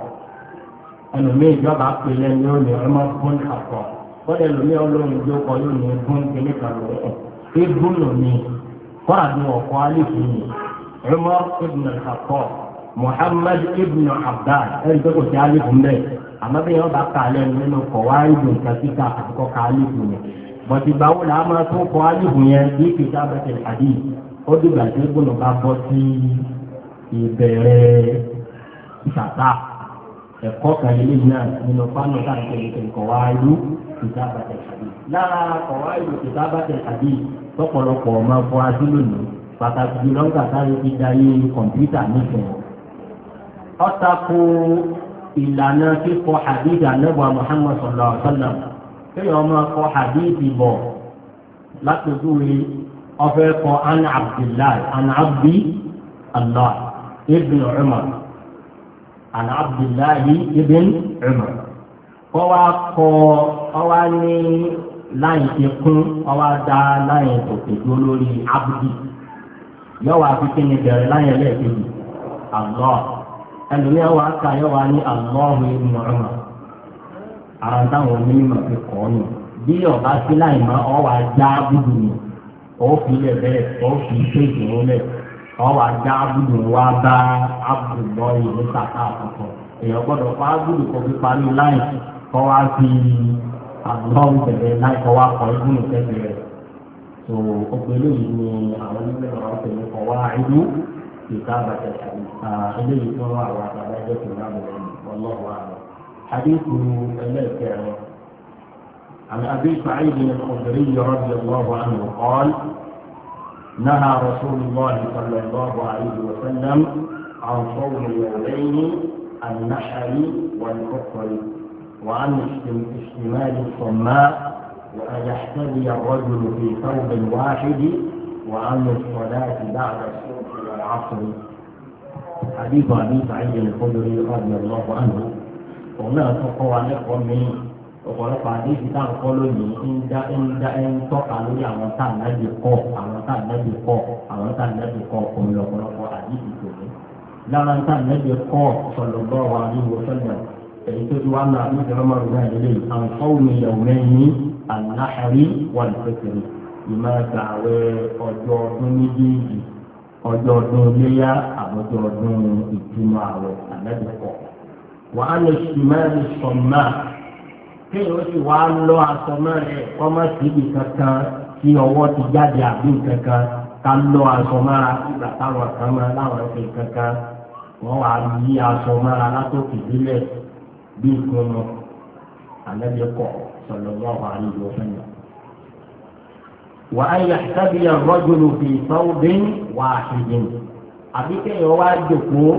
ẹlòmíì ìjọba pè lẹ́nu ní ọmọ gbọ́n kàtọ́ bọ́dẹ̀ ẹlòmíì ọlọ́run jókòó yóò ní gbọ́n kíní kàtọ́ ẹ̀ فعد وخالف عمر بن الخطاب محمد بن عباس ẹni tó kò sí alifu mbẹ àmọ́ bí yọọ bá kàlẹ nínú kọwá ìlú kàkíkà àkọkọ ka alifu yẹn bọtí báwo la máa tún kọ alifu yẹn bí kìtà bẹsẹ àdì ó dìgbà tí gbọnà bá bọ sí ìbẹ̀rẹ̀ ìsàtà ẹ̀kọ́ kan yìí náà nínú fánù káàkiri kọwá ìlú kìtà bẹsẹ àdì lára ọ̀wá ìlòkè bá bá tẹ̀ tàbí tọ́pọ̀lọpọ̀ ọmọ fún adúlò ní pàtàkì jùlọ ń kàtà ti dayé kọ̀ǹpútà nífẹ̀ẹ́. ọ̀tàkù ìlànà kíkọ hadith anábọ̀ Muhammad sallallahu alaihi wasallam kéèyàn máa kọ hadith bọ̀ látòjúwe ọ̀fẹ́ kọ an abdullahi an abdi allah ibn umar an abdullahi ibn umar kọ́ wa kọ́ ọ wa ní. láyìn ti kún ọwọ́ dá láyìn tòkè dúró lórí abudi yọ̀wá fi kí ni bẹ̀rẹ̀ láyìn ẹlẹ́ẹ̀kejì Allah ẹlòmíà wà ká ní Allahu ibn Umar ara táwọn onímọ̀ kọ́ nù bí ọba sí láyìn nù ó fi ó fi bá abudulọ́ yìí ní kàkà èèyàn àgbọ̀n bẹ̀rẹ̀ láìpọ̀ wá kọ́ ibú nìkẹ́ bẹ̀rẹ̀ tó ọgbẹ́ eléyìí ni àwọn onígbẹ́ náà ń tẹ̀lé kọ́ wá ibú ìka bàtẹ̀ tàbí eléyìí tó wà wà tàbí ẹgbẹ́ tó wà bẹ̀rẹ̀ ọlọ́wọ́ àlọ́ حديث الملك عن أبي سعيد الخدري رضي الله عنه قال نهى رسول الله صلى الله عليه وسلم عن صوم يومين النحر والكفر وعن اشتمال الصماء وأن يحتوي الرجل في ثوب واحد وعن الصلاة بعد الصبح والعصر حديث أبي سعيد الخدري رضي الله عنه وما تقوى لكم من ọ̀pọ̀lọpọ̀ àdéhùn tá à ń kọ́ lónìí ń dá ń dá ń tọ́ka lórí àwọn tá à ń lẹ́bi kọ́ àwọn tá à ń lẹ́bi kọ́ àwọn tá à lẹ́bi kọ́ òun lọ́pọ̀lọpọ̀ àdéhùn tòun. lára tá à lẹ́bi kọ́ sọ̀lọ́gbọ́ wa ní wọ́sọ̀lọ́ èyí tó ti wá ń lọ àti ìjọba rúbà ìdílé àǹfọ̀wùmí yawmaini an-nahri wal-fitri ìmọ̀ ẹ̀gbàwẹ̀ ọjọ́ ọdún méjèèjì ọjọ́ ọdún iléyà àbọ̀jọ́ ọdún ìtumọ̀ àwẹ̀ àlẹ́dẹ̀kọ̀. wàá lè sùnmọ́ ẹni sọ̀mọ́ kéèyàn sì wá lọ aṣọ mẹ́rin kọ́mọ́ síbi kankan tí ọwọ́ ti jáde àbí kankan ká lọ aṣọ mọ́ra ìgbà táwọn kan mọ́ láwọn ẹ̀sìn kankan wọ́n wàá yí aṣọ mọ́ra látòkè sílẹ̀ bí nǹkan lọ ànábi kọ sallallahu alaihi wa sallam. wà á yà sábìyà rọ́jòlù fi sawbin wahidin àbí kéèyàn wá jòkóó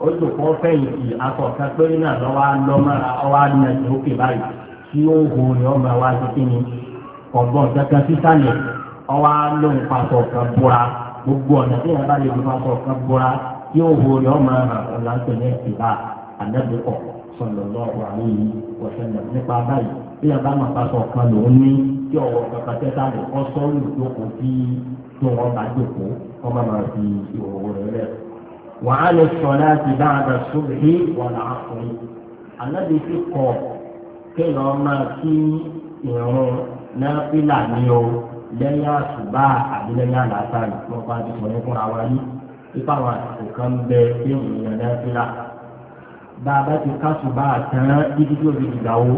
ó jòkóó fẹ̀yìntì akọ̀ọ̀kan péré náà lọ́wọ́ lọ́mọ́ra ọwọ́ àdínàjì òkè báyìí tí ó hù ní ọmọ wa ti kí ni ọ̀gbọ́n kankan sísàlẹ̀ ọwọ́ lóhùn pàtó kan búra gbogbo ọ̀nà tí yàrá lè fi pàtó kan búra tí ó hù ní ọmọ ọ̀làǹtẹ̀ ní ẹ̀sìn bá ànábi kọ̀ọ̀ sallallahu alaihi wa sallam nípa báyìí bí yàrá máa bá sọ kan lòún ní tí ọwọ́ kàkàtẹ́ta rẹ̀ kọ́ sọ́ọ́lù jókòó tí tó wọn bá jókòó kọ́ máa máa fi ìhòòhò rẹ̀ lẹ̀. wàhálà sọ̀rọ̀ àti báàdà sóbì wọn là á fún yìí. ànábi ti kọ̀ kéèyàn máa kí ìrún náà fílà ní o lẹ́yìn àṣùbà àbí lẹ́yìn àlàáfáà ní wọ́n bá ti sọ̀rọ̀ fúnra wa yìí. ipa àwọn àsìkò kan bẹ kéèyàn náà fílà bàbá ti kásùbà àtàn títí tó fi dìgbà wo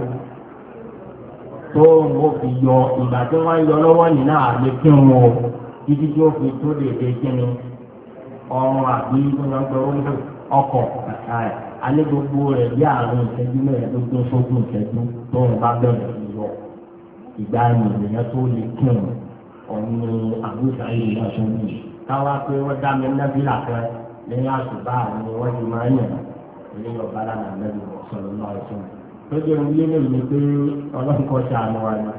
tó wọn fi yọ ìgbà tí wọn yọ lọ́wọ́ nínú àmì kí wọn o títí tó fi tó dèdè kíni ọrùn àbí gbọdọgbọdọ ọkọ alẹ́ gbogbo rẹ̀ bí àrùn ìṣẹ́jú mẹ́ẹ̀ẹ́dógún sógún ìṣẹ́jú tó ń bá bẹ̀rẹ̀ yọ ìgbà ènìyàn tó lè kí wọn ọ̀nà àbúṣà yìí lọ́sọ̀rọ̀ yìí káwá pé wọ́n dá mi nábìlà kan lẹ́yìn àṣùbà àwọn ni wọ́n ti máa ń yàn án eléyìí ọba lánàá lẹ́nu sọ̀rọ̀ náà ẹ̀sùn. lójú ohun lílo yìí pé ọlọ́nkọ ṣàánú wa ni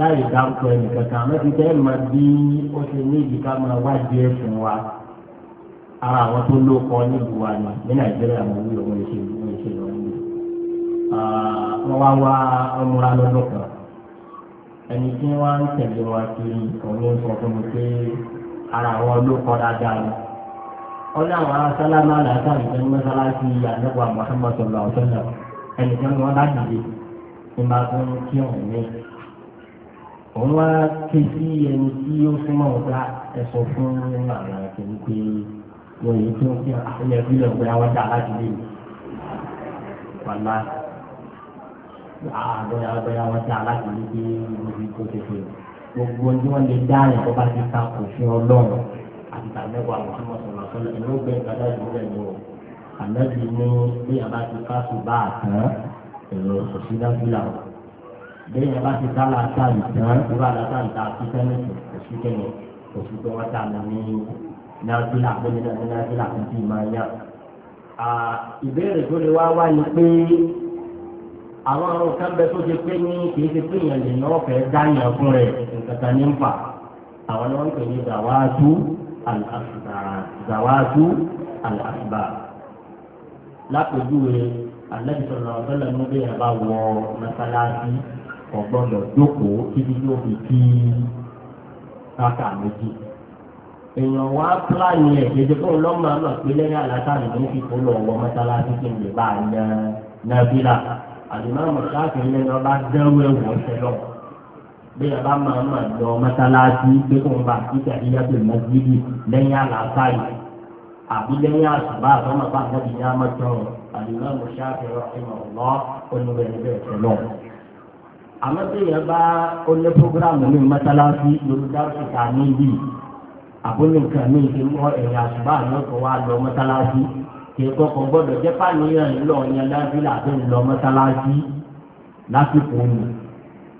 láì dáko ẹnìkan kan lọ́ti tẹ́ ma bí ó ṣe níbi ká máa wádìí ẹ̀sùn wa ara àwọn tó ló kọ nílùú wa ni ní nàìjíríà mo wí òun ìṣe òun ìṣe lọ nílùú. wọ́n wá wá ọmọra lọ́dún kan ẹni tí wọ́n ń tẹ̀lé wa kiri òun ń sọ fún mi pé ara àwọn ló kọ dáadáa ni ọlọ́run asálámà làásà nìkan mọ́sálásí àdẹ́kọ̀ àmọ́sánmọ́ sọ̀rọ̀ àwọ̀sọ́nà ẹnìkan ni wọ́n bá dìde ní máa tó ń kí òun ní. òun wá ké sí ẹni tí ó súnmọ́ òun ẹ̀sọ́ fún àwọn àtẹ̀wé pé wọ́n yìí tó ń kí àwọn ẹbí rẹ̀ pé àwọn dá láti lè wàlá àgbẹ̀yà dá láti lè dé ibi tó ti fi gbogbo ní wọ́n lè dá àyànkọ́ bá ti ta kò fi ọlọ́run àti àlùfẹ́lẹ̀ ló ń gbé ìgbàdá ìgbẹ́ lọ. Ànábì ní bí àbá ti ká sùn bá àtàn èrò òṣìṣẹ́ fìlà o. Bí àbá ti ká la ta ìtàn irú àlàtà ìta àtúntẹ́ nìkan òṣì kẹ́yìn òṣì tó wọ́n tà mí ní náfìlà pé ní náfìlà kò tí ì máa yá. Ìbéèrè tó lè wá wá ni pé àwọn ọ̀rọ̀ kan bẹ tó ṣe pé ní kì í ṣe pé èèyàn lè náwó fẹ́ dáyàn fún rẹ̀ nǹkan kan ní ń àwọn ni wọ́n ń pè ní dàwátú al-asbab zawadu al-asbab lápèjúwe alẹ́ sọ̀rọ̀ ọ̀bẹ́lẹ̀ ní bí ẹ bá wọ mẹ́sálásí kò gbọ́dọ̀ jókòó kíbi yóò fi kí káka méjì èèyàn wá pílánì ẹ̀ dédé fún ọlọ́mọ àmọ̀ pé lẹ́yìn àlàkàrà ló ń fi kó lọ wọ mọ́sálásí kí n lè bá a yan nàbílà àdìmọ́ àmọ̀ káàkiri lẹ́nu ọba dẹ́rù ẹ̀wọ̀ ọ̀sẹ̀ bí a bá máa máa lọ mọ́sálásí pé kò ń bá títà ìyàtò ìmọ̀síbí lẹ́yìn àlàáfáì àbí lẹ́yìn àṣùbá àtọ́nà bá nàbí ní amọ̀tọ́rọ̀ àdìmọ́ mo ṣáàfihàn ìmọ̀ ọ̀lọ́ oníbẹ̀rẹ̀ ẹ̀lọ́. àmọ́ bí yẹn bá ó ní prógráàmù ní mọ́sálásí lórí dáhùn ìta ní ibi nǹkan mi ti mọ́ ẹ̀yìn àṣùbá náà wá lọ mọ́sálásí kì í kọ́kọ́ gbọ́dọ̀ jẹ́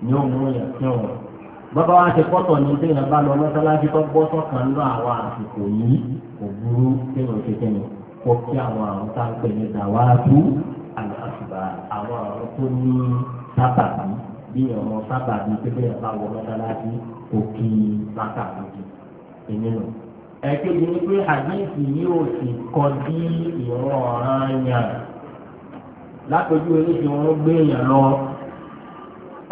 ni ó mú yàn kí wọn. bàbá wa ṣe pọ́tọ̀ ní bí ìyàn bá lọ mọ́sálásí tó gbọ́ sọ́kàn lọ àwọn àsìkò yìí kò burú kí wọn ṣe kẹ́yìn kó kí àwọn àrùn tá ń pè ní dàwátú àlàáfíà àwọn àrùn tó ní sábàbí bí ọmọ sábàbí tó bí ìyàn bá wọ mọ́sálásí kò kí bàtà lójú èmi nù. ẹ̀kejì ni pé àdéhùn yìí ò sì kọ bí ìrọ̀ ọ̀ràn yàn lápẹjú eré tí gbé yàn lọ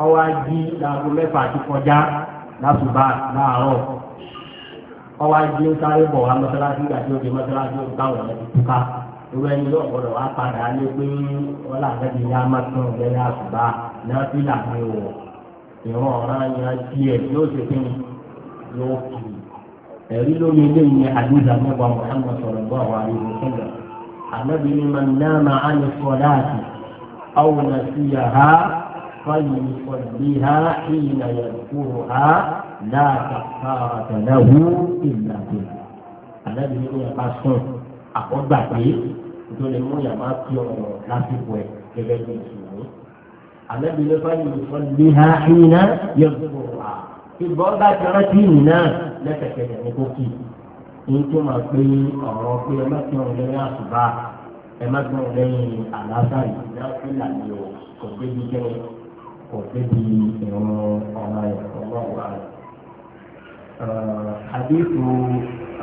ọwọ́ ají láago mẹ́fà ti kọjá lásùbà láàárọ̀ ọwọ́ ají ó sáré bọ̀ wá mọ́sálásí ìgbà tí di mọ́sálásí ó táwọn ọ̀rẹ́ ti túká irú ẹni náà gbọ́dọ̀ wá padà lé pé wọ́n là fẹ́ di yá mọ́tò lẹ́yìn àsùbà náà fi là ní wọ̀ ìran ọ̀ràn yẹn tiẹ̀ yóò ṣe fún mi yóò kì ẹ̀rí lórí eléyìí àdúrà mẹ́wàá Muhammad sọ̀rọ̀ bọ́ àwọn àríwá sọ̀rọ̀ àmọ́bìnrin máa ń náà máa ń فليصليها حين يذكرها لا كفارة له إلا به àdábì ní ìyàpá sùn àkọ́gbà pé tó lè mú ìyàpá tí ọ̀rọ̀ lásìkò ẹ̀ gẹ́gẹ́ bí ìṣòro. àdábì ní fáyọ̀ ìfọ̀lẹ́hà ìná yọ̀gbọ̀ wà. ìbọn bá ti rántí ìnà lẹ́sẹ̀kẹsẹ̀ ní kókì. ní tó máa pé ọ̀rọ̀ pé ẹ má tún lẹ́yìn àṣùbà ẹ má tún lẹ́yìn àlásà ìdílé àti ìlànà kò débi kẹ́rẹ́ kò débi الله ọ̀la ìfọwọ́ wa. àdéhùn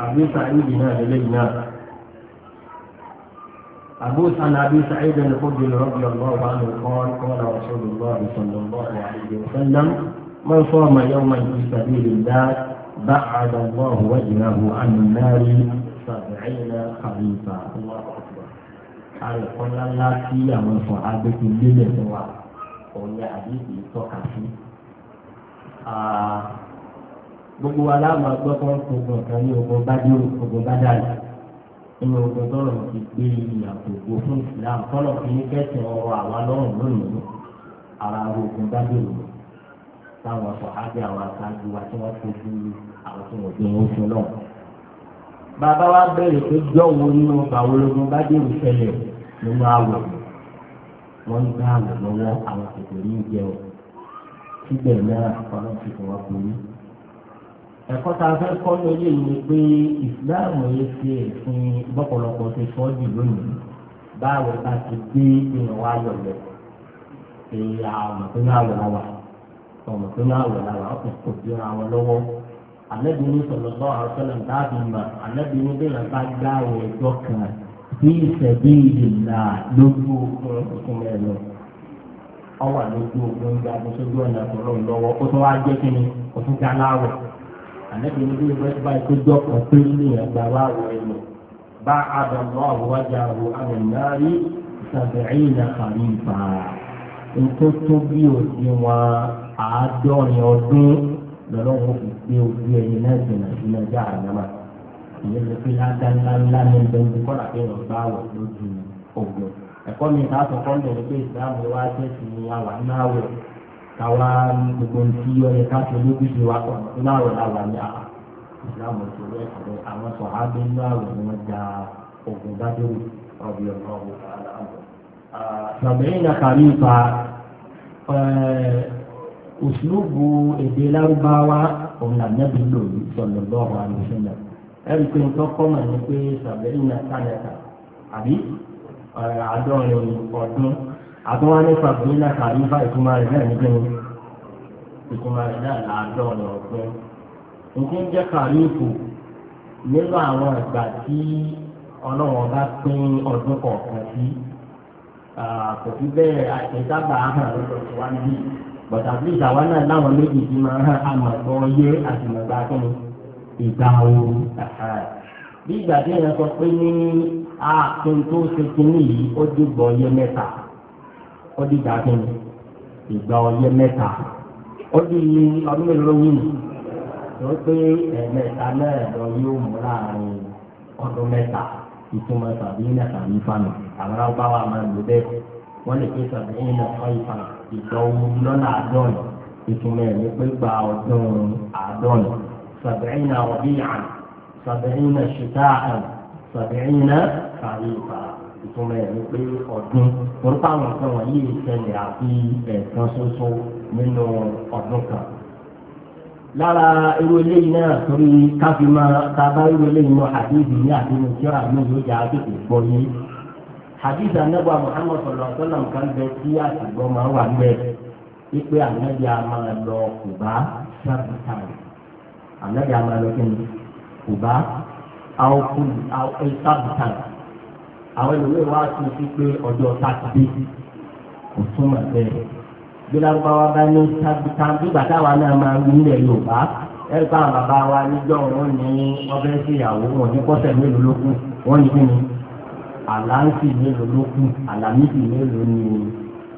àbísà ìdí náà lélẹ́yìn عن أبي سعيد الخدري رضي الله عنه قال قال رسول الله صلى الله عليه وسلم من صام يوما في سبيل الله بعد الله وجهه عن النار سبعين خليفة الله أكبر. قال قل الله في من صحابة لله òun ni àdéhùn tọ́ka sí. gbogbo wa láwọn agbọ́kọ́ ogun kan ní ogun bájú ogun bádàlì nínú ogun tọrọ ti gbé ìyàgbogbo fún Islam tọrọ fi ní kẹsàn ọ̀rọ̀ àwa lọ́rùn lónìí ara ogun bájú lòdì táwọn sọ̀hábì àwọn aṣáájú wa tí wọ́n fojú àwọn tí wọ́n gbé wọn fún náà. bàbá wa bẹ̀rẹ̀ pé jọ́wọ́ nínú bàwọ́lógún bá dé ìṣẹ̀lẹ̀ nínú àwọ̀ wọ́n ń dá àwọ̀ lọ́wọ́ àwọn kòkòrò ní jẹ o síbẹ̀ náà ọ̀rọ̀ ti fún wa kò ní. ẹ̀kọ́ tá a fẹ́ kọ́ ní oyè yìí ni pé ìsìláàmù yìí ṣe ẹ̀sìn bọ́pọ̀lọpọ̀ ṣe fọ́ jù lónìí báwo bá ti gbé èèyàn wá yọ̀ lẹ̀ èèyàn àmọ̀ pé wọ̀ láwà ọmọ pé máa wọ̀ láwà ọkùnrin kò bí ara lọ́wọ́ àlẹ́bí sọ̀rọ̀ lọ́wọ́ àwọn sọ́lẹ̀ dáàbì bí ìṣẹ̀bí ìlà lójú ogun ìsinmi ẹ̀ lọ. ọ wà lójú ogun ń jagun sójú ọ̀nà ọ̀rọ̀ lọ́wọ́ ó tún wá jẹ́ kí ni ó tún já láwẹ̀. àlẹ́bí ní bí ìwé bá ikú jọ kan pé ní ẹ̀gbà láwọ̀ ẹ̀ lọ. bá àdàlọ́ àwòwájà àwò àmìnárí ìsàbẹ̀rẹ̀ ìlà kàrí ìfà. ntótó bí òdiwọ̀n àádọ́rin ọdún lọ́lọ́run fi gbé ojú ẹni náà jìnnà sí ẹja àgbàmà ìyẹn ti pé ládá ńláńlá ní ẹgbẹ́ ojú kọ́nà pé wọ́n bá wọ̀ lójú ogun ẹ̀kọ́ mi ta sọ fọ́ọ̀mù ẹ̀rọ pé ìsìláàmù wa ṣe ti àwà náà wọ̀ káwa gbogbo ti ọyẹ ká ṣe lójú ṣe wa kọ̀ náà wọ̀ láwà ní àwà ìsìláàmù ti rẹ̀ ẹ̀rọ àwọn sọ̀ ábí náà wọ̀ ni wọ́n da ogun bá dé ọ̀bì ọ̀gbọ̀n sàbẹ̀yìn àkàrí ìfà òṣìlúgbù èdè lárúbáwá òun làmẹ́bí lòdì sọ̀lọ̀ lọ́wọ́ àlùfẹ́ náà ẹ̀rí pé nǹkan kọ́mọ̀ ni pé sàbẹ̀rì náà sàlẹ̀ta àbí àádọ́rin ọdún àtúnwá ní sàbẹ̀rì náà kàlífà ìtumọ̀ rẹ̀ náà nígbà yẹn ìtumọ̀ rẹ̀ náà láàádọ́rin ọdún. nǹkan jẹ́ kàlífù nínú àwọn ìgbà tí ọlọ́wọ́n bá pín ọdún kọ̀ọ̀kan sí kò fi bẹ́ẹ̀ àtẹ̀sábà hàn lọ́sọ̀tún wá níbí bọ̀tà bí ìṣàwọ́ náà láwọn méjì ti máa hàn àmọ̀ tó yé àtìmọ̀gbà ìgbà ooru bí ìgbà tí èèyàn sọ pé ní ààtún tó ṣe kínní yìí ó dìgbà ọyẹ mẹ́ta ó dìgbà kínní ìgbà ọyẹ mẹ́ta ó di ọdún mélòó wí nì tó pé ẹ̀ẹ̀mẹ́ta náà lọ yóò mú láàrin ọdún mẹ́ta ìtumọ̀ tàbí mẹ́ta ní fanu àwọn ọba wa máa lò bẹ́ẹ̀ wọ́n lè pé tàbí ẹ̀yìn ọ̀pọ̀ ìfà ìgbà ooru lọ́nà àádọ́rin ìtumọ̀ ẹ̀ pé gba ọdún àádọ́rin. سبعين ربيعا سبعين شتاء سبعين خريفا ìtumọ̀ ẹ̀ ní pé ọdún orúkọ àwọn nǹkan wọ̀nyí ìṣẹ̀lẹ̀ àti ẹ̀ẹ̀kan ṣoṣo nínú ọdún kan. lára irú eléyìí náà torí káfí máa ta bá irú eléyìí náà àdéhùn ní àdéhùn tí ọ̀rọ̀ àmì yóò jà á tètè gbọ́ yé. àdéhùn anábọ̀ Muhammad sọ̀rọ̀ sọ́nà nǹkan bẹ tí àtìgbọ́ máa wà ń bẹ̀ wípé ànájà máa lọ Kùbá sábà táwọn. anyeghị àmà lọ kíni kùbá àwọn kùlù àwọn wa tún sí pé ọjọ́ sátidé kò túmọ̀ bẹ́ẹ̀ gbẹdàgbàwa bá ní sàbùtà nígbà táwa náà bàbá wa níjọ́ wọn ní ọbẹ̀ síyàwó wọn ní kọ́sẹ̀ mélòó wọn ní kíni mélòó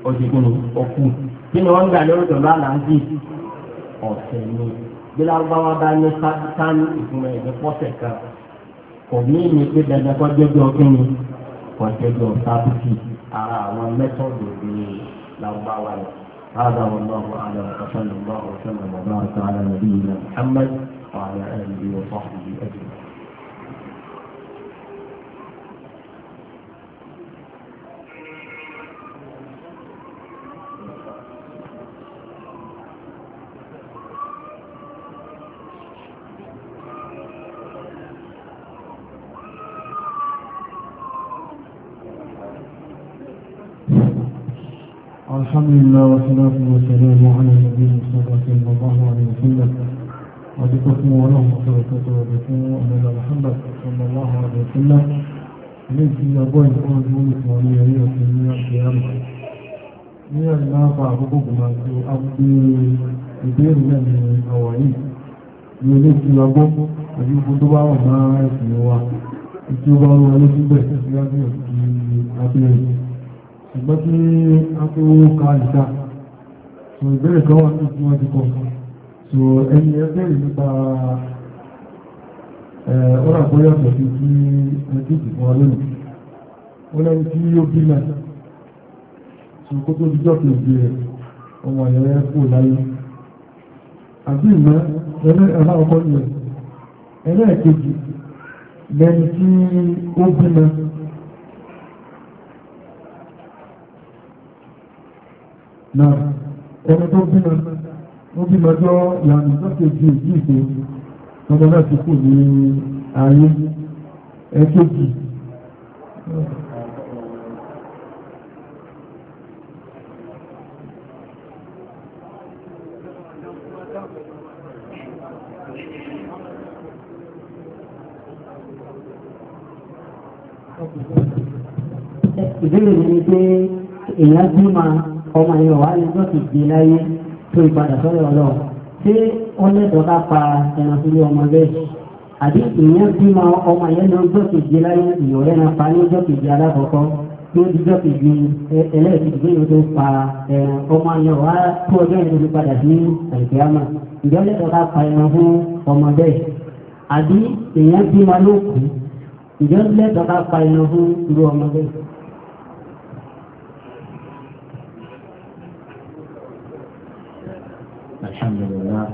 mélòó kíni ọkù kíni bí lárúbáwá bá ní sáni ìfúnra ẹ̀mí pọ́sẹ̀ kan kò ní ìní pé dandan kọ́ jẹ́jọ́ kínní kọ́ jẹ́jọ́ sábùkì ara àwọn mẹ́tọ́ọ̀dù ìdílé lárúbáwá rẹ̀. هذا والله اعلم وصلى الله وسلم وبارك على نبينا محمد وعلى اله وصحبه اجمعين الحمد لله والصلاة والسلام على النبي صلى الله عليه وسلم وبكفر ولهم وبركاته وبكفر أمير محمد صلى الله عليه وسلم التي أبوين قول الملك ولي هي السنية القيامة هي النافع حقوقنا أبدي ìbéèrè náà ni ọ̀wọ̀ yìí ní من tí a gbọ́ pẹ̀lú ikú tó bá wà máa ẹ̀sìn wa tí ó bá wọ́n lé ṣùgbọ́n tí a tó ká ìta so ìbẹ̀rẹ̀ kan wà ní ìwọ̀n ti kọ so ẹni ẹgbẹ̀rẹ̀ nípa ọ̀rọ̀ àgbóyà pẹ̀lú tí ẹjú ìfún alónì ó lẹ́yìn tí ó bí mẹ́ so kó tó díjọ́ kejì rẹ̀ ọmọ ẹ̀yẹ kú láyé àbí ìmọ̀ ẹ̀rẹ́ ẹ̀rá ọkọ̀ yẹn ẹlẹ́ẹ̀kejì lẹ́yìn tí ó bí mẹ́ náà ẹni tó bímọ ó bímọ jọ ìyàmì lọ́kẹ̀ẹ́jì èjì ìṣe ọmọ náà ti kù ní ayé ẹ̀kẹ́jì ìbéèrè ni pé èèyàn bí máa ọmọ yẹn wà lẹ́jọ́ ti di láyé tó ìpadà sọ́rọ̀ ọlọ́ ṣé wọ́n lẹ́tọ̀ọ́ ká pa ẹran sílé ọmọ bẹ́ẹ̀ àbí ìyẹn bímọ ọmọ yẹn lọ́jọ́ ti di láyé ìyọ̀rẹ́ náà pa lọ́jọ́ ti di alákọ̀ọ́kọ́ tó dijọ́ kejì ẹlẹ́ẹ̀kejì bí yóò tó pa ẹran ọmọ yẹn wá tó ọjọ́ yẹn tó padà sí àìkíyàmà ìjọ lẹ́tọ̀ọ́ pa ẹran fún ọmọ bẹ́ẹ̀ àbí ìyẹn bímọ ló kù ìjọ lẹ́tọ̀ọ́ pa ẹran fún irú ọmọ bẹ́ẹ̀. الحمد لله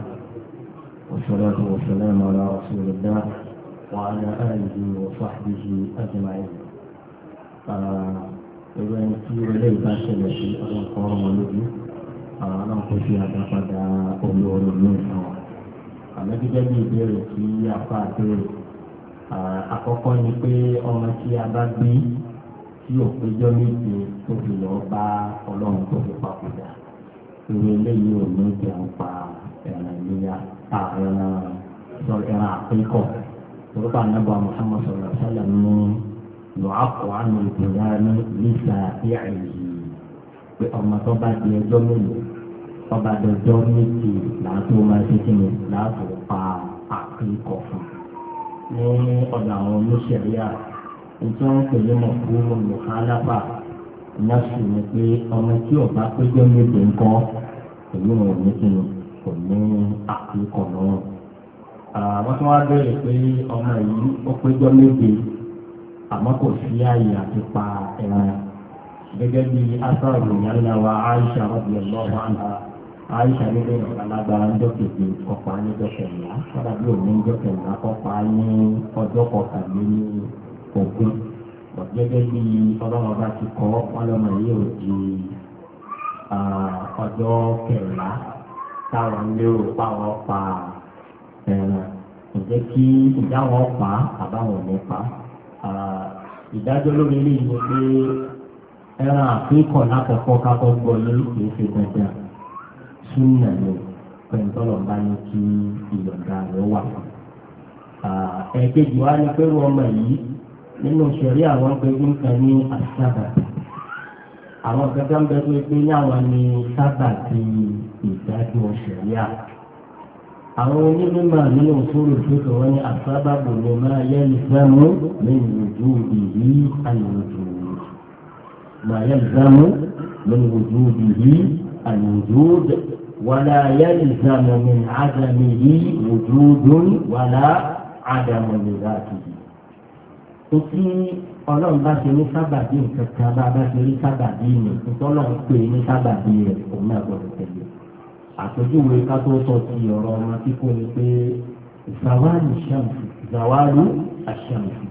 والصلاة والسلام على رسول الله وعلى آله وصحبه أجمعين ìwé ẹni tí ilé ìbá ṣẹlẹ̀ sí ọdún kan ọmọ lójú àwọn ah, kò fi àdápadà olóorí ní ìfọ̀n àmọ́ gẹ́gẹ́ bí ìbéèrè tí apá àbẹ̀rẹ̀ ah, àkọ́kọ́ ni pé ọmọ tí a bá gbé tí òpéjọ́ méje tó fi lọ́ọ́ bá ọlọ́run tó fi papòdà ìwé eléyìí ò ní jẹun pa ẹ̀ràn ìlera ààrùn ẹ̀ràn àpékọ̀ orúkọ anábọ̀ Muhammad sọ̀rọ̀ sálẹ̀ ní lọ́àpọ̀ àmì ìgbéra ní lisa ìhàyè pé ọmọ tó bá di ẹjọ́ mélòó tó bá di ẹjọ́ méjì máa ṣe kí ni láàtó pa àpékọ̀ fún ní ọ̀dọ̀ àwọn oníṣẹ̀ríà nítorí pẹ̀lú mọ̀kúrú mọ̀kálàfà násù ni pé ọmọ tí ọba péjọ méje ńkọ́ èyí wọn ò ní kí ni kò ní àkíkọ̀ náà. àwọn tí wọ́n bẹ̀rẹ̀ pé ọmọ yìí ó péjọ méje àmọ́ kò sí ààyè àti pa ẹran gẹ́gẹ́ bí asáà ìròyìn aláwa Aisha rọ̀bì ọlọ́wọ́ àná Aisha nílé ìrọ̀lágbára ń dọ́kẹ̀dẹ̀ ọ̀pá ní dọ́kẹ̀lá kọ́dà bí òun ń dọ́kẹ̀lá kọ́pá ní ọjọ́ kọkànlélógún gẹ́gẹ́ bí ọlọ́run bá ti kọ́ ọlọ́mọ yìí ò di ọjọ́ kẹrìnlá táwọn lérò páwọn pa ẹ̀ràn ǹjẹ́ kí ìdáwọn pa àbáwọn ní pa ìdájọ́ lórí ilé yìí pé ẹran àfihàn lákọ̀ọ́kọ́ kákọ́ gbọ́ yìí kì í ṣe dandan súnà ni pẹ̀lú bá ní kí ìyọ̀ǹda rẹ̀ wà. ẹ̀ẹ́dẹ́gbẹ̀wá ni pé wọ́n mọ̀ yìí nínú sẹ̀rí àwọn gbẹgbẹ́ kan ní àṣàbà àwọn gbẹgbẹ́ ń bẹ́gbẹ́ pé ní àwọn ní sábà ti ìdájọ́ sẹ̀rí à. àwọn onímọ̀ nínú òṣèlú tó sọ wọ́n ní àṣàbà kò lè máa yẹ ìfẹ́mú lẹ́yìn ojú ìdí àyànjú máa yẹ ìfẹ́mú lẹ́yìn ojú ìdí àyànjú wàlá yẹ ìfẹ́mú ní àdàmì yìí ojú dún wàlá àdàmì yìí láti etí ọlọ́run bá ṣe ní sábàbí nǹkan kan bá bá ṣe ní sábàbí mi nítorí ọlọ́run pè ní sábàbí rẹ̀ òun náà gbọ́dọ̀ tẹ̀lé àpèjúwe ká tó sọ ti ọ̀rọ̀ ọmọ kíkó ni pé ìsàwárì ṣàǹfì ìsàwárì àṣàǹfì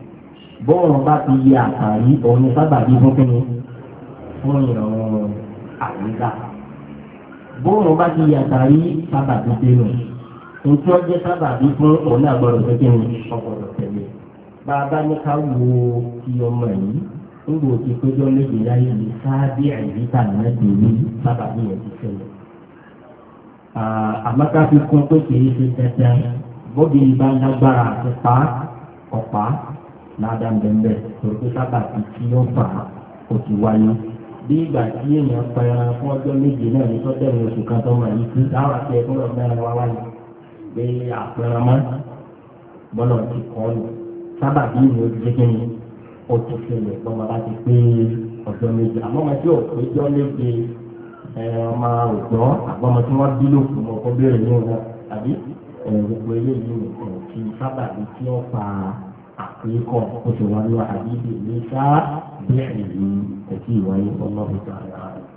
bọ́ọ̀rọ̀ bá ti yẹ àtàrí òun ní sábàbí fún kí ni fún ìrọ̀rùn àyíká bọ́ọ̀rọ̀ bá ti yẹ àtàrí sábàbí dénú nítorí ọjọ́ sábàbí fún òun náà tẹ̀lé tá a bá ní ká wo iye ọmọ yìí ń wo ti péjọ méje láyé mi sáábì àyè tà náà ti rí bàbá mi yẹn ti ṣẹlẹ̀. àmọ́ ká fi kún pé kì í ṣe dandan bóbi ìbá lágbára àti pa ọ̀pá ládàá bẹ́ẹ̀ torí pé sábà ti kí ó fà á ó ti wáyé bí ìgbà tí èèyàn pa fún ọjọ́ méje náà ní sọ́jọ́ ìrìn oṣù kan tó máa yí sí táwọn àti ẹ̀kọ́ lọ́ọ́ wáyé pé àpẹẹrẹ mọ́ bọ́lọ̀ ti kọ́ ọ́ lọ sábà bí ìwé ojú jẹ́jẹ́ ni ó ti ṣẹlẹ̀ pé ọmọ bá ti pé ọjọ́ méje àmọ́ ọmọ tí ò pé ọjọ́ méje ọmọ òjọ́ àbọ̀ ọmọ tí wọ́n bí lòkù mọ́ ọkọ bẹ́ẹ̀ ní ọ̀nà tàbí gbogbo eléyìí ti sábà bí tí ó fa àpékọ̀ ó ti wá ní àdídì ní sáà bẹ́ẹ̀ ni kò tí ì wáyé ọlọ́run tó ara rẹ̀.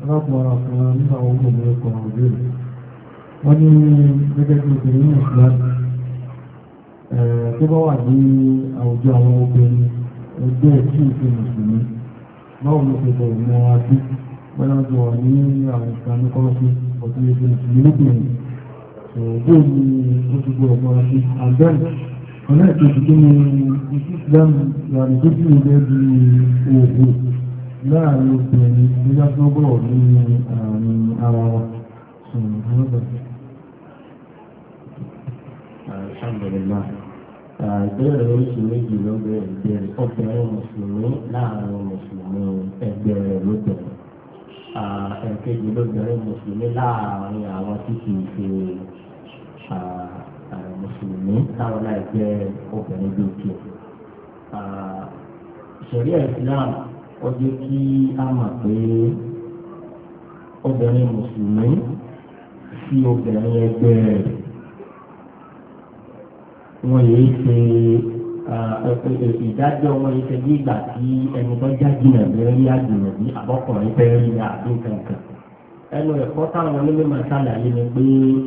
arákùnrin ọ̀sán nígbà owó mi kọ̀ ọ̀rọ̀ wọ́n ní gẹ́gẹ́ bí obìnrin náà Eh, tó bá wà ní àwùjọ àwọn obìnrin ẹgbẹ́ tí ìṣe mùsùlùmí báwo ló ṣe bẹ̀rẹ̀ mọ́ adé bóyá ó ti wà ní àwọn ìsàmì kọ́ọ̀sì ọ̀tún ìṣe mùsùlùmí lóbìnrin ṣòwò ní ó ti gbọ́dọ̀ mọ́ adé àgbẹ̀rẹ̀ ọ̀nà ìkejì tó ní islam yàrá tó sì ń bẹ́ẹ̀ di òwò láàrin obìnrin nígbà tó bọ̀ ní àárín ara wa ṣòwò alhamdulillah ah, ìbéèrè oṣù méjì ló bẹ̀rẹ̀ ìbéèrè obìnrin mùsùlùmí láàrin mùsùlùmí ẹgbẹ́ rẹ̀ lóbìnrin ah, ẹ̀kejì lóbìnrin mùsùlùmí láàrin àwọn tí kì í ṣe ah, mùsùlùmí táwọn náà jẹ́ obìnrin bíi kí. ìṣẹ̀rí Islam ó jẹ́ kí a mọ̀ pé obìnrin mùsùlùmí sí obìnrin ẹgbẹ́ rẹ̀ wọn yìí ṣe ìdájọ́ wọn yìí ṣe bí ìgbà tí ẹni tó jájìnà bẹ́ẹ̀ rí àjùmọ̀ bí àbọ̀kùnrin bẹ́ẹ̀ rí àbí kankan. ẹnu ẹ̀kọ́ táwọn onímọ̀ máa ṣàlàyé ni pé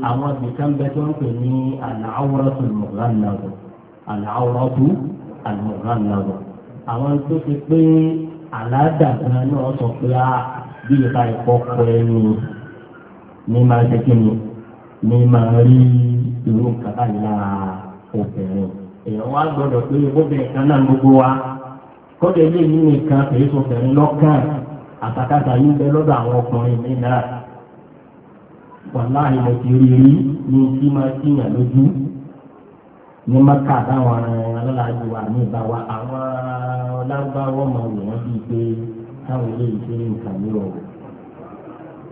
àwọn àgbẹ̀ká ń bẹ tó ń pè ní àlàáwọ̀rọ̀tù mọ̀gánláwọ̀ àlàáwọ̀rọ̀tù àlùmọ̀gánláwọ̀ àwọn tó ti pé àládàgbà náà sọ pé á bí ìka ìkọ̀kọ̀ ẹni ní máa ṣe kí ni ní máa rí irú nǹkan báyìí lára obìnrin èèyàn wá gbọ́dọ̀ pé obìnrin kan náà gbogbo wa kọ́dọ̀ ilé yìí nìkan kìí sọ̀bìnrin lọ́kàn àtàkàtà yìí bẹ lọ́dọ̀ àwọn ọkùnrin mi náà wàláhì mo ti rí rí ní tí máa kíyàn lójú ní maka táwọn alálàájú wa ní àwọn ọlágbáwọ́ máa wò wọ́n bíi pé táwọn ilé nǹkan ní ọ̀rọ̀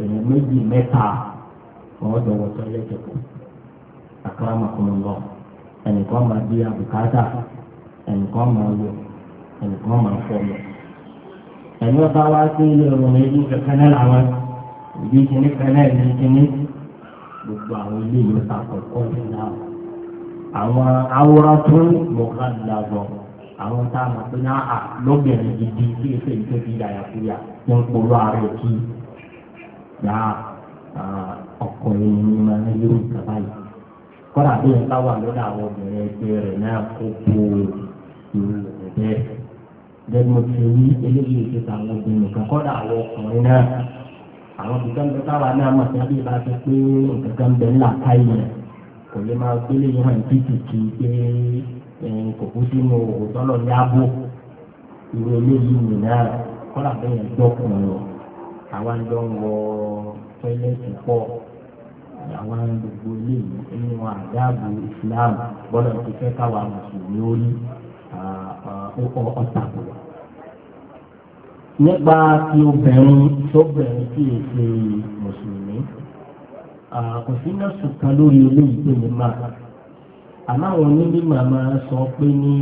èèyàn méjì mẹ́ta ẹnìkan máa bí àbùkátà ẹnìkan máa wọ ẹnìkan máa fọlọ ẹni ọba wa sí ilé ọrùn méjì kẹkẹrẹ làwọn ìdí kíní kẹlẹ ní kíní gbogbo àwọn ilé yìí sàkókò nílá àwọn awúrọ̀ tó mọ̀ká làbọ̀ àwọn tá a mọ̀ pé náà à lóbìnrin gidi tí èsè yìí tó fi yàyà fúyà tó ń polú ara kí yá ọkùnrin ní ma ní yóò gbà báyìí kọ́ra bí ẹ bá wà àwọn obìnrin ẹgbẹ́ rẹ̀ náà kó kó ìlú rẹ̀ bẹ́ẹ̀. bẹ́ẹ̀ mo ti rí eléyìí ti ta àwọn obìnrin kan kọ́ra àwọn ọkùnrin náà. àwọn kìkan bẹ káwa náà mọ̀ sábẹ́ ìbá ti pé nǹkan bẹ ńlá káyìí rẹ̀ kò lè máa gbélé yìí hàn títì kí pé kò kú sínú òótọ́lọ̀ yáàbò ìwé eléyìí nì náà kọ́ra bẹ́ẹ̀ yẹn dọ́kùnrin àwọn àjọ ń wọ àwọn gbogbo ilé nínú àdáàbò Islam bọ́lá ti fẹ́ káwa mùsùlùmí ó rí ọ̀tàkùn. nípa ti obìnrin tóbìnrin tí è ṣe mùsùlùmí kò sí náà sùkàn lórí eléyìí pé mi máa àmọ́ àwọn onímọ̀ máa sọ pé ní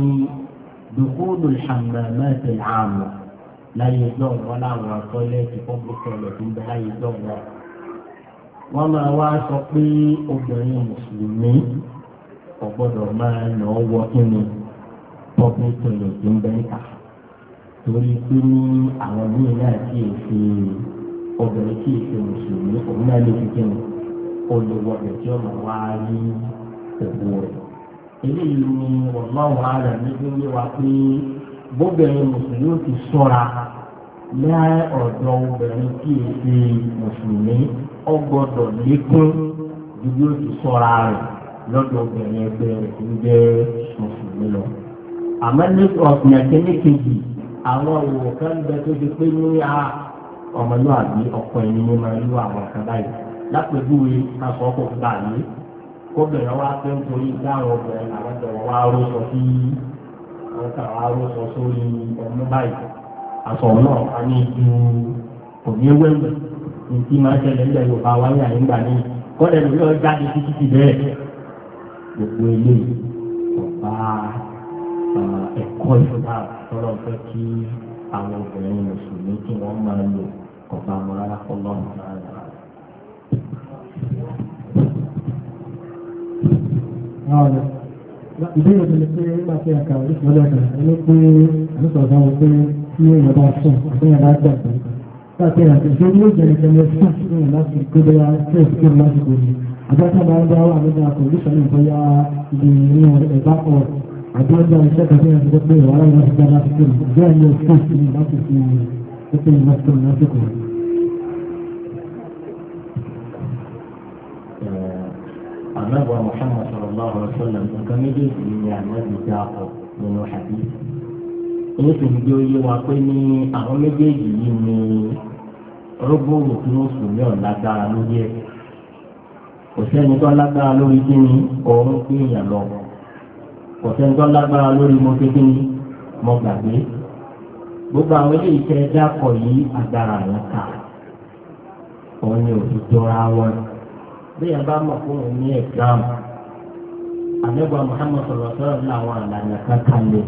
dùkúdù al-hammamat al láyé dọ̀wọ́ láwọn tọ́lẹ́ẹ̀tì public toilet ń láyé dọ̀wọ́ wọ́n máa wá sọ pé obìnrin mùsùlùmí kò gbọ́dọ̀ máa nà ọ́ wọ kíni public toilet ń bẹ́ẹ̀ kà torí pé ní àwọn míì náà kì í ṣe obìnrin kì í ṣe mùsùlùmí òun náà lè fi kíni ó lè wọ ọ̀dẹ̀ tí ó máa wá rí òwò rẹ̀ eléyìí ni wàláwà rẹ̀ nítorí wa pé bóbìnrin mùsùlùmí ti sọ́ra lẹ́ ọ̀dọ̀ obìnrin kì mùsùlùmí ọgbọ́dọ̀ lékún ju bí ó ti sọ́ra rẹ̀ lọ́dọ̀ obìnrin ẹgbẹ́ rẹ̀ tó jẹ́ mùsùlùmí lọ. àmọ́ ní ọ̀sìn kẹ́lẹ́kejì àwọn òwò kan bẹ tó ti pé ní a ọmọlúwàbí ọ̀pọ̀ ẹni ní máa lú àwọn kan báyìí lápẹ̀júwe aṣọ ọkọ̀ gbà yìí kóbìnrin wa pé ń torí dáhùn obìnrin àwọn tẹ̀wọ̀ wá ró sọ sí àwọn tẹ̀wọ̀ wá ró sọ sórí ọmọ báyìí aṣọ náà a ní ju òní wẹ́wẹ́ nítí máa ń ṣẹlẹ̀ nígbà yóò bá wáyé àyíngbà ní kọ́lẹ̀ lórí ọjà ní títí ti bẹ́ẹ̀ gbogbo eléyìí ọ̀pá ẹ̀kọ́ ìfúnná tọ́lọ̀ fẹ́ kí àwọn obìnrin mùsùlùmí tí wọ́n máa lò ọ̀pá àwọn arákọ́lọ́ ìbéèrè mi ni pé nígbà tí a kà oríṣiríṣi ọlọ́dà ẹni pé àlùfáà bá pé tí èèyàn bá sùn àbẹ́yẹn bá gbàgbé láti rà tó ṣe ní ìjẹ̀lẹ̀ ìjẹ̀lẹ̀ fún láti kuda bẹ́yà stress kó lásìkò ní àgbàtà máa ń bá wà nígbà kọ̀ọ̀lùsọ̀ ní ada ibi inú ẹ̀bá kọ̀ àjọ́jà iṣẹ́ kẹfẹ́ àti pé kuda. láti dá lásìkò ní bẹ́ẹ̀ ni stress ní láti kuda. pípé lásìkò ní lásìkò. Ànábì Muhammad sallallahu alaihi wasallam nǹkan méjèèjì ni àná èyí sì ń gbé oyé wa pé ní àwọn méjèèjì yìí ni rọ́gbòrò tí ó sùn ní ọ̀lágbára lórí ẹ̀ kò sẹ́ni tó lágbára lórí kí ni òun kí èèyàn lọ kò sẹ́ni tó lágbára lórí mo ṣe kí ni mo gbàgbé gbogbo àwọn eléyìí tẹ dákọ̀ yìí agbára yẹn kà òun ni òfin jọra wọn bí yẹn bá mọ̀ fún òun ní ẹ̀gbáàmù àdébọ̀ Muhammad sọ̀rọ̀ sọ̀rọ̀ ní àwọn àlàyé kankan lè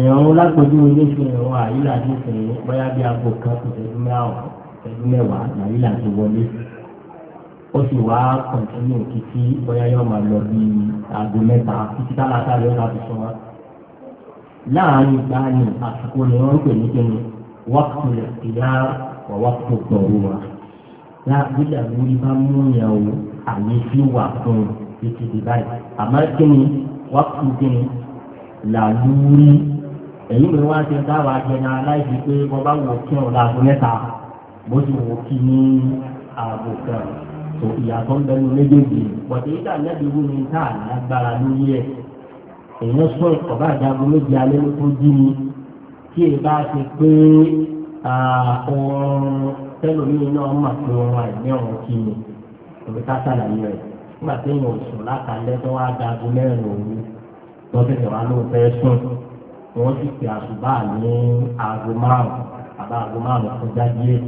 ìrànwọ́ lágbèjú ilé fi ìrànwọ́ àyílà ní ìsìn bóyá bí aago kan kò tẹ́jú mẹ́wàá tẹ́jú mẹ́wàá làyílà ti wọlé ó sì wá kọ̀ǹtínú títí bóyá yóò máa lọ bí aago mẹ́ta títí tálátá yóò láti sọ wá. láàárín ìgbàanì àsìkò ni wọ́n ń pè ní kíni wákùtù ìyá wà wákùtù gbọ̀rù wa. láàbílà lórí bá mú yàn o àyè sí wà fún títí di báyìí àmọ́ kíni wákùtù kíni làlúrí èyí ló wá ṣe dáwà jẹna láìsí pé wọ́n bá wò kí ọ̀la mẹ́ta bó ti wò kí ní ààbò kan tó ìyàtọ̀ ń bẹnu méjèèjì pọ̀tẹ́ yíká lẹ́bi wú ni ká lágbára lórí ẹ̀ èyí sọ ọ̀bá àjàgbó méjì alẹ́ ló tó jí ni kí ẹ bá ṣe pé ọ̀run tẹ́lómi náà mà pé ọ̀run àìní ọ̀run kí ni òbí ká sàlàyé rẹ̀ nígbà tí èèyàn sùn látàlẹ́ tó wá dàgbó mẹ́rin òru lọ́sẹ̀ tẹ̀wá ló fẹ́ sùn wọ́n sì pè àṣùbà ní aago márùn àbá aago márùn kọjá díẹ̀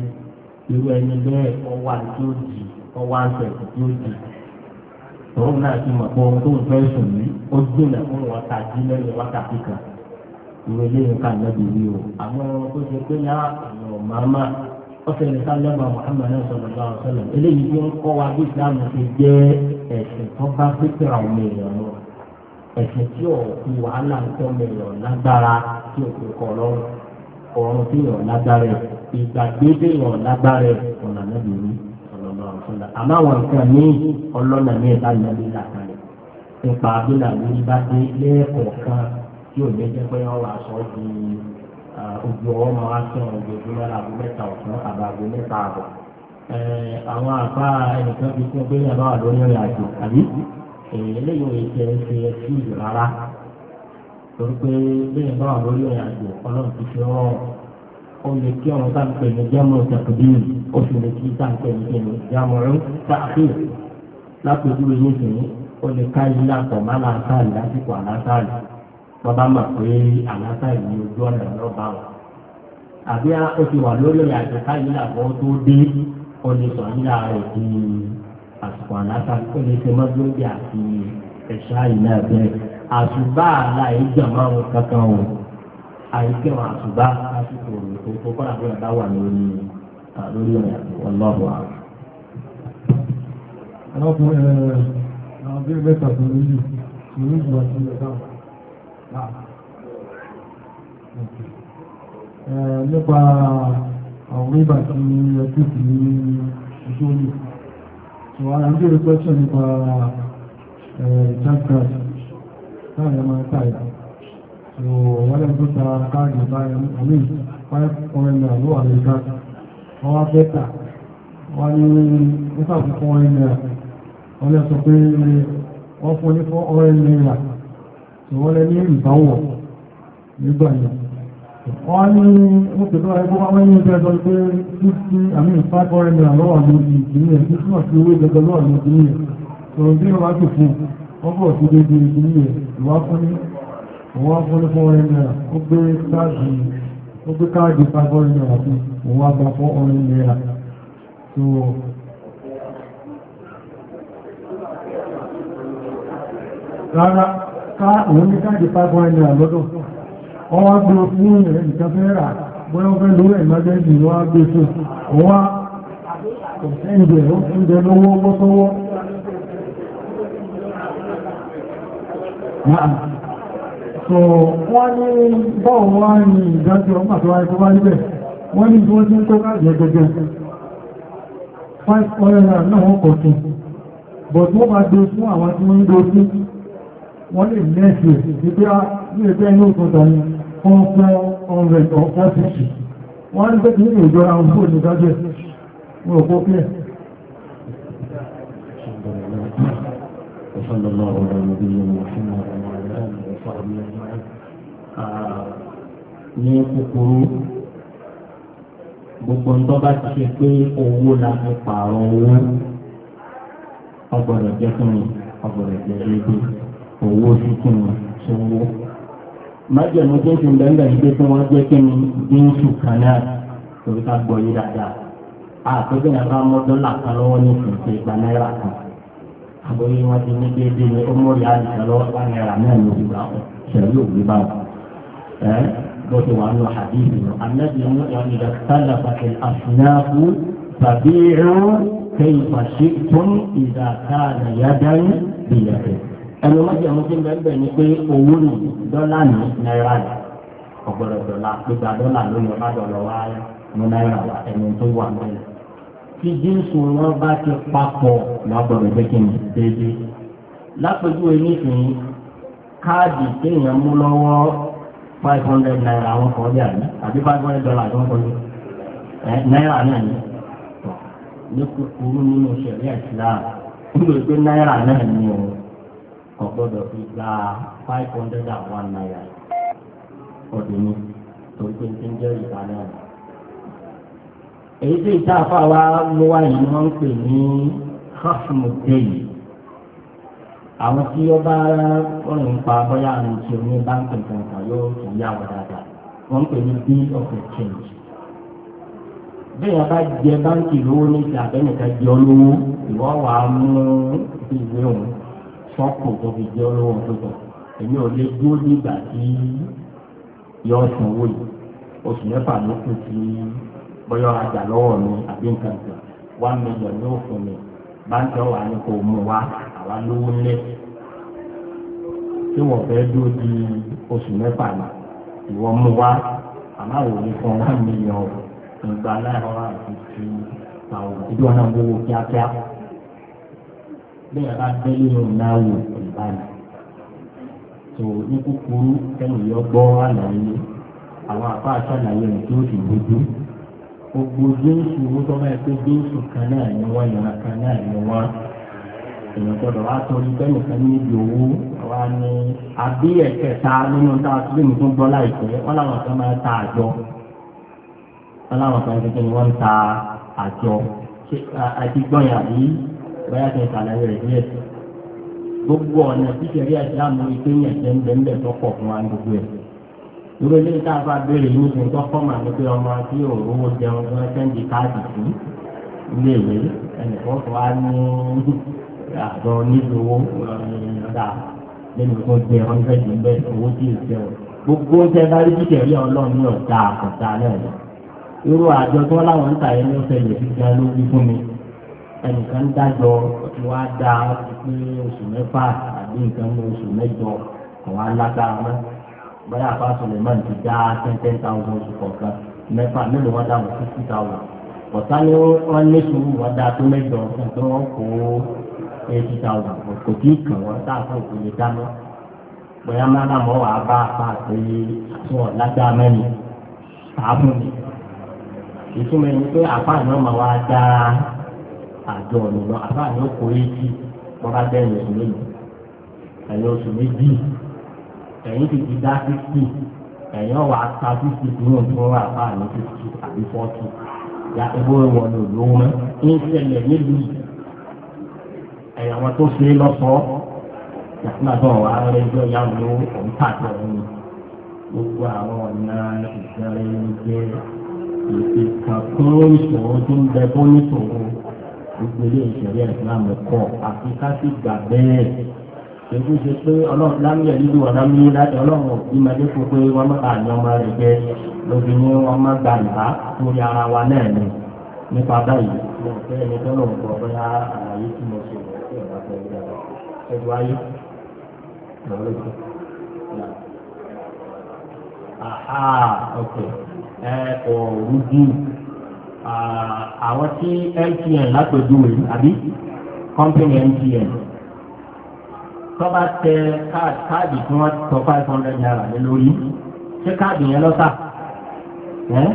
irú ẹni bẹ́ẹ̀ ọwọ́ àti òjì ọwọ́ àti ẹ̀kọ́ tí ó jì tòun náà ti mọ̀ pé ohun tó ń fẹ́ sùn yìí ó dènà fún wọn tàbí lẹ́yìn wákàtí kan ìwé lẹ́yìn ká lẹ́bi wí o àmọ́ tó ṣe pé yá ọ̀nà màmá ọ̀sẹ̀ ní sálẹ́mà Muhammad sallallahu alaihi wasallam eléyìí tó ń kọ́ wa bí Islam ti jẹ́ ẹ̀sìn tó bá pípẹ́ àwọn èèyàn lọ ẹ̀sìn tí ò fi wàhálà ìtọ́ mẹ́yọ̀ lágbára tí ò fi kọ́ lọ́rùn ọ̀run tí yọ̀ lágbára ẹ̀ ìgbàgbé tí yọ̀ lágbára ẹ̀ ọ̀nà nàbì ní ọ̀nà ọ̀sọ̀nà àmọ́ àwọn nǹkan ní ọlọ́nà ní ẹ̀ka nàbì làkàlẹ̀ nípa abúlà lórí bá dé lẹ́ẹ̀kọ̀ọ̀kan tí ò ní jẹ́ pé ọ̀rọ̀ àṣọ di ojú ọwọ́ máa wá sí ọ̀rọ̀ ojoojúmọ́ láago mẹ́ta ọ̀sán àbàgò mẹ́ta àbọ̀ àwọn àbá ẹnìkan fi fún ọgbẹ́ yàrá wà lórí ọ̀rẹ́ àjò àbí eléyìí ò jẹ ṣe ẹtí ìlú rárá torí pé bẹ́ẹ̀ bá wà lórí ìrìnàjò ọlọ́run ti fi rọrùn ó lè kí ọ̀run tá à ń pè ní jámọ̀ ìtàkùdíyìn ó sì lè kí tá à ń pè ní kíni jámọ̀ rẹ̀ tá a fi lápèjúwe yìí sì ní ó lè ká ilé àpọ̀ má láàtàlì lásìkò àlátàlì bàbá mà pé àlátàlì ní ojú ọ̀nà lọ́ba wọn. àbí ó ti wà lórí ìrìnàjò ká ilé àpọ̀ tó dé ó lè sọ ilé ààrẹ di àsìkò àlàkà kó lè ṣe mọ́gbóńdì àti ẹ̀ṣá ìlà bẹ́ẹ̀ àṣùbà àlà ìjà máa ń kankan o àìkẹ́ wọn àṣùbà lásìkò òyìnbó tó kọ́ra bí ọ̀dà wà lórí lórí ọ̀rẹ́ àti ọlọ́run àwọn. alákùnrin ẹ àwọn bí mẹ́ta tó lóyún lórí ìjọba tó lè dáhùn nípa àwọn ìbàdí ẹkùn sí ojú omi. Wọ́n á ń bèèrè pẹ́sọ̀ nípa Jackcard láàrin ọmọ ẹ̀ta ìlú. Wọ́n lẹ́nu tó ta five báyìí àmì 500 naira ló wà lórí káàdì. Wọ́n wá bẹ́tà. Wọ́n ní ó sàbí 400 naira. Wọ́n lẹ́ sọ pé wọ́n fún ní 400 naira. Wọ́n lẹ́ ní ìbáwọ̀ nígbà yẹn wọ́n ní mọ́tòdó ẹgbẹ́ wọ́n ní ẹgbẹ́ ẹgbẹ́ pé fífí àmì ìfàkọ́rẹ́ mìíràn lọ́wọ́ ní ìpínlẹ̀ tí túnmọ̀ sí owó ìjọba lọ́wọ́ ní ìpínlẹ̀ tòrò bí wọ́n bá tó fún wọ́n bọ̀ sí dédé ìpínlẹ̀ ìwá ká òun ní káàdì ìfàkọ́rẹ́ lọ́dún wọ́n wá gbé fún ìrẹ̀ ìtafẹ́ra wọ́n fẹ́ lórí ìmájẹ́jì wọ́n á gbé fún wọ́n á lọ́wọ́ so wọ́n ní bọ́ọ̀ ní ìdájọ́ ọmọ wáyé tó bá níbẹ̀ wọ́n ní ń kó káàkiri gẹ́gẹ́ but sí ẹgbẹ́ inú ìtọ́ta ni wọ́n fẹ́ ọ̀rẹ́ ọ̀pọ̀ títì wọ́n ní pẹ́ nínú ìjọra ohun fún ìdájẹ́ ní ọ̀pọ̀ pẹ́ وصلى الله على نبينا kúkúrú gbogbo ń tọ́ba ti ṣe pé owó la fi owó ọgbọ̀dọ̀ jẹ́ fún mi ọgbọ̀dọ̀ jẹ́ déédéé owó sí fún mi sówó májẹ̀mú tó ti bẹ́ẹ̀ bẹ́ẹ̀ gbé tí wọ́n jẹ́ kí ni dínkù kan náà torí ká gbọ́ yí dáadáa àtúntò yẹn bá mọ́ dọ́là kan lọ́wọ́ ní ìfẹ̀sẹ̀ ìgbà náírà kan àbóyé wọn ti ní déédéé ní ọmọdé àdìsẹ́ lọ́wọ́ bá náírà náà ló ti gbà ọ́ sẹ́rí òbí bá wọn. ẹ bó ti wà nù àdìsí nù anábì mú ẹni dàkítàlà pàtẹ àfúnáfú tàbí ẹrú kẹyìn pàṣẹ tó ń ẹnu méjì àwọn tí ń bẹ bẹ ni pé owó nù dọ́là nù náírà nù ọ̀gbọ̀dọ̀ dọ́là gbígba dọ́là ló yọ bá dọ̀lọ́ wá mú náírà wá ẹnu tó wà mẹ́rin. tí jíǹsì wọn bá ti papọ̀ lọ́gbọ̀dọ̀ pé kí ni déédéé. lápẹjúwe nísìnyí káàdì téèyàn mú lọ́wọ́ five hundred naira wọn kọ́ bí àná àbí five hundred dollars wọn kọ́ bí náírà náà ni ní kúkúrú nínú ṣẹ̀rí ẹ̀sìn náà nígbà pé náírà náà ni òun kò gbọ́dọ̀ fi gba five hundred and one naira ọdún torí pé ti ń jẹ́ ìgbà náà. èyí tí ìta àfa wa mú wá yìí wọ́n ń pè ní khasmu dayi àwọn tí ó bá rìn pa bóyá àwọn tí ní báńkì kankan yóò tún yá wọn dáadáa wọ́n ń pè ní bill of exchange bẹ́ẹ̀ bá jẹ báńkì lówó ní ìgbà bẹ́ẹ̀ nìkan jẹ ìwọ́ wàá mú ìwé òun sọ́kù tó fi jẹ́ olówó tuntun èmi ò lè dúró nígbà tí yọ sanwó yìí oṣù mẹ́fà ló kù sí bọ́yọ̀ ajá lọ́wọ́ mi àbí nǹkan kan one million ló fún mi báńkì ọ̀wà ni kò mú wa àwa lówó lé tí wọ́n fẹ́ dúró di oṣù mẹ́fà ni ìwọ mú wa àmọ́ àwọn òní fún one million ìgbà náírà àti ti àwọn ìdúró náà gbowó kíákíá bí ẹ bá tẹ́lẹ̀ yóò náà wò ìgbà yìí. tó ní kúkúrú kẹ́yìn yọ gbọ́ àlàyé àwọn àpá àṣàlàyé rẹ̀ tí ó sì gbójú. gbogbo jésù ó tọ́ báyìí pé jésù kan náà ni wọ́n yàrá kan náà ni wọ́n. èèyàn gbọ́dọ̀ wá torí bẹ́ẹ̀ kan níbi owó wa ni àbí ẹ̀kẹta nínú tá a tún tún gbọ́ láìpẹ́ wọ́n láwọn kan máa ta àjọ wọ́n láwọn kan kékeré wọ́n ń ta àjọ àti gbọ́yàn yìí báyà kẹ́ ìsàlàyé rẹ̀ díẹ̀. gbogbo ọ̀nà tíṣẹ̀rí àìsílámù ike yẹn ṣe ń bẹ ń bẹ tọkọ̀ fún wa gbogbo ẹ̀. irú ilé tá a bá béèrè yìí ní tọkọ mà ní pé ọmọ tí òróró jẹun tó ń sẹ́ǹdì káàdì sí ilé ìwé ẹnìkan fún wa ní àjọ nílùú ọ̀dà lẹ́nu tó jẹ hundred ń bẹ owó tí ì jẹun. gbogbo ń tẹ́ bá rí tíṣẹ̀rí ọlọ́run ọ̀dà àkọ́ta náà irú àjọ tó láwọn ń tà yẹn ló fẹ́ lè fi gan ló fún mi ẹnìkan dájọ́ tí wàá da pé oṣù mẹ́fà àbí nǹkan ní oṣù mẹ́jọ àwọn alágbára mọ́ bẹ́ẹ̀ àpá Suleiman ti dá ten ten thousand oṣù kọ̀ọ̀kan mẹ́fà mélòó wọn dáhùn fifty thousand ọ̀tá ni wọ́n ní sùúrù wọn dá tó mẹ́jọ ẹ̀dọ́ wọn kó eighty thousand kò tí ì kàn wọ́n táàkó kò lè dáná bóyá mọ́nà mọ́ wàá bá apá àti àtúwọ̀ lágbára mẹ́rin tààbù mi ìtumọ̀ ẹni pé apá náà máa wá dáa àjọ ọ̀nà lọ àbá àyàn kò rí jì wọ́n bá bẹ́ẹ̀ ẹ̀yìn oṣù méjì ẹ̀yìn ti dá fífì ẹ̀yìn ọ̀wà ta fífì tó ń tún wà bá àyàn fífì àbí fọ́tù ya ebo wọn lò lówó mọ́ ń ṣẹlẹ̀ nílùú ẹ̀yà wọn tó ṣe lọ́sọ̀ọ́ yàtúmọ̀ wà á yà wọ́n òun pàṣẹ òun ni gbogbo àwọn ọ̀nà ìṣẹ̀lẹ̀ ń jẹ́ ìpè ìṣòro tó ń bẹ fún ìṣòro ìpele ìṣẹ̀lẹ̀ islam kọ̀ àfi ká sì gbà bẹ́ẹ̀ èyí ṣe pé ọlọ́run lámìlẹ̀ lílu ọ̀nà mi láti ọlọ́run ìmọ̀lẹ́ fún pé wọ́n má bàa yan ọmọ rẹ̀ jẹ lóbi ní wọ́n má gbà yá lórí ara wa náà ni nípa báyìí mo fẹ́ ẹni tọ́lọ̀ ń gbọ́ bóyá àlàyé tí mo ṣe rẹ̀ ẹ̀dùn ayé lọ́lọ́dún. Aha, ok, ẹ kò rújú. Ah, àwọn tí MTN lápèjúwe àbí company MTN tọ́ba tẹ káàdì káàdì tí wọ́n tọ five hundred naira lé lórí ṣé káàdì yẹn lọ́tà ẹ́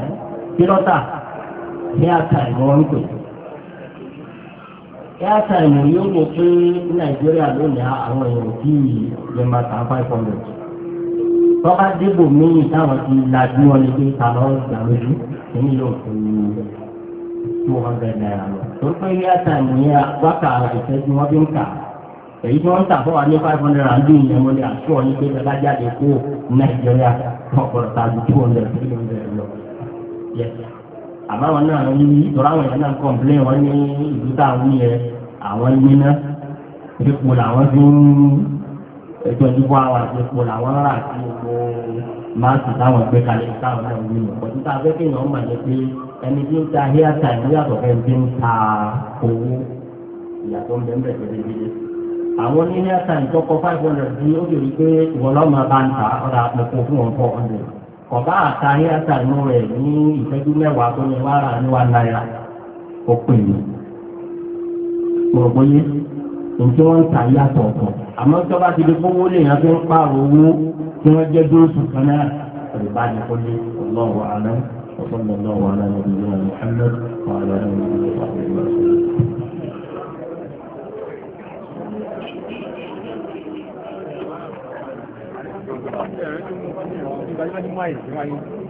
kí lọ́tà ní àtàìmù wọn ń pè ní àtàìmù yóò ní pé Nàìjíríà lónìí àwọn èèyàn tí lè máa ta five hundred tọ́ba débò míì táwọn ti lajú wọn ni pé ta lọ́ọ́ gbà lójú èmi yóò fún un two hundred naira lọ. torí pé ilé ẹ̀sán ìmọ̀ yẹn wákà ìṣẹ́jú wọn bí ń kà èyí tí wọ́n ń tà ní five hundred and two yẹn mo lè àṣọ yín pé bẹ́ẹ̀ bá jáde kó nàìjíríà ọ̀pọ̀lọpọ̀ tàbí two hundred three hundred lọ. àbáwọn náà ní ìtura àwọn yẹn náà kọ̀m̀plé wọn ní ìlú táwọn yẹn àwọn níná epo làwọn fi ń twenty four hours epo làwọn rà sí epo máàkì táwọn gbé kalẹ̀ táwọn náà ń gbé lọ ẹni tí ń ta hair time yàtọ̀ ẹni tí ń ta owó ìyàtọ̀ ń bẹ ń bẹ ìdílé àwọn ní hair time tó five hundred bí ó bèrè pé ìwọlọ́mọ bá ń ta ọ̀dà àpòkò fún wọn four hundred ọ̀bá àta hair time rẹ̀ ní ìṣẹ́jú mẹ́wàá tó ní wàrà ní wa náírà ó pè mí gbogboyé nǹkí wọ́n ń ta yàtọ̀ ọ̀tọ̀ àmọ́ tó ti di kówó lè yàn fi ń pààrọ̀ owó tí wọ́n jẹ́ dóòtù kan náà وصلى الله على نبينا محمد وعلى اله وصحبه وسلم Thank you.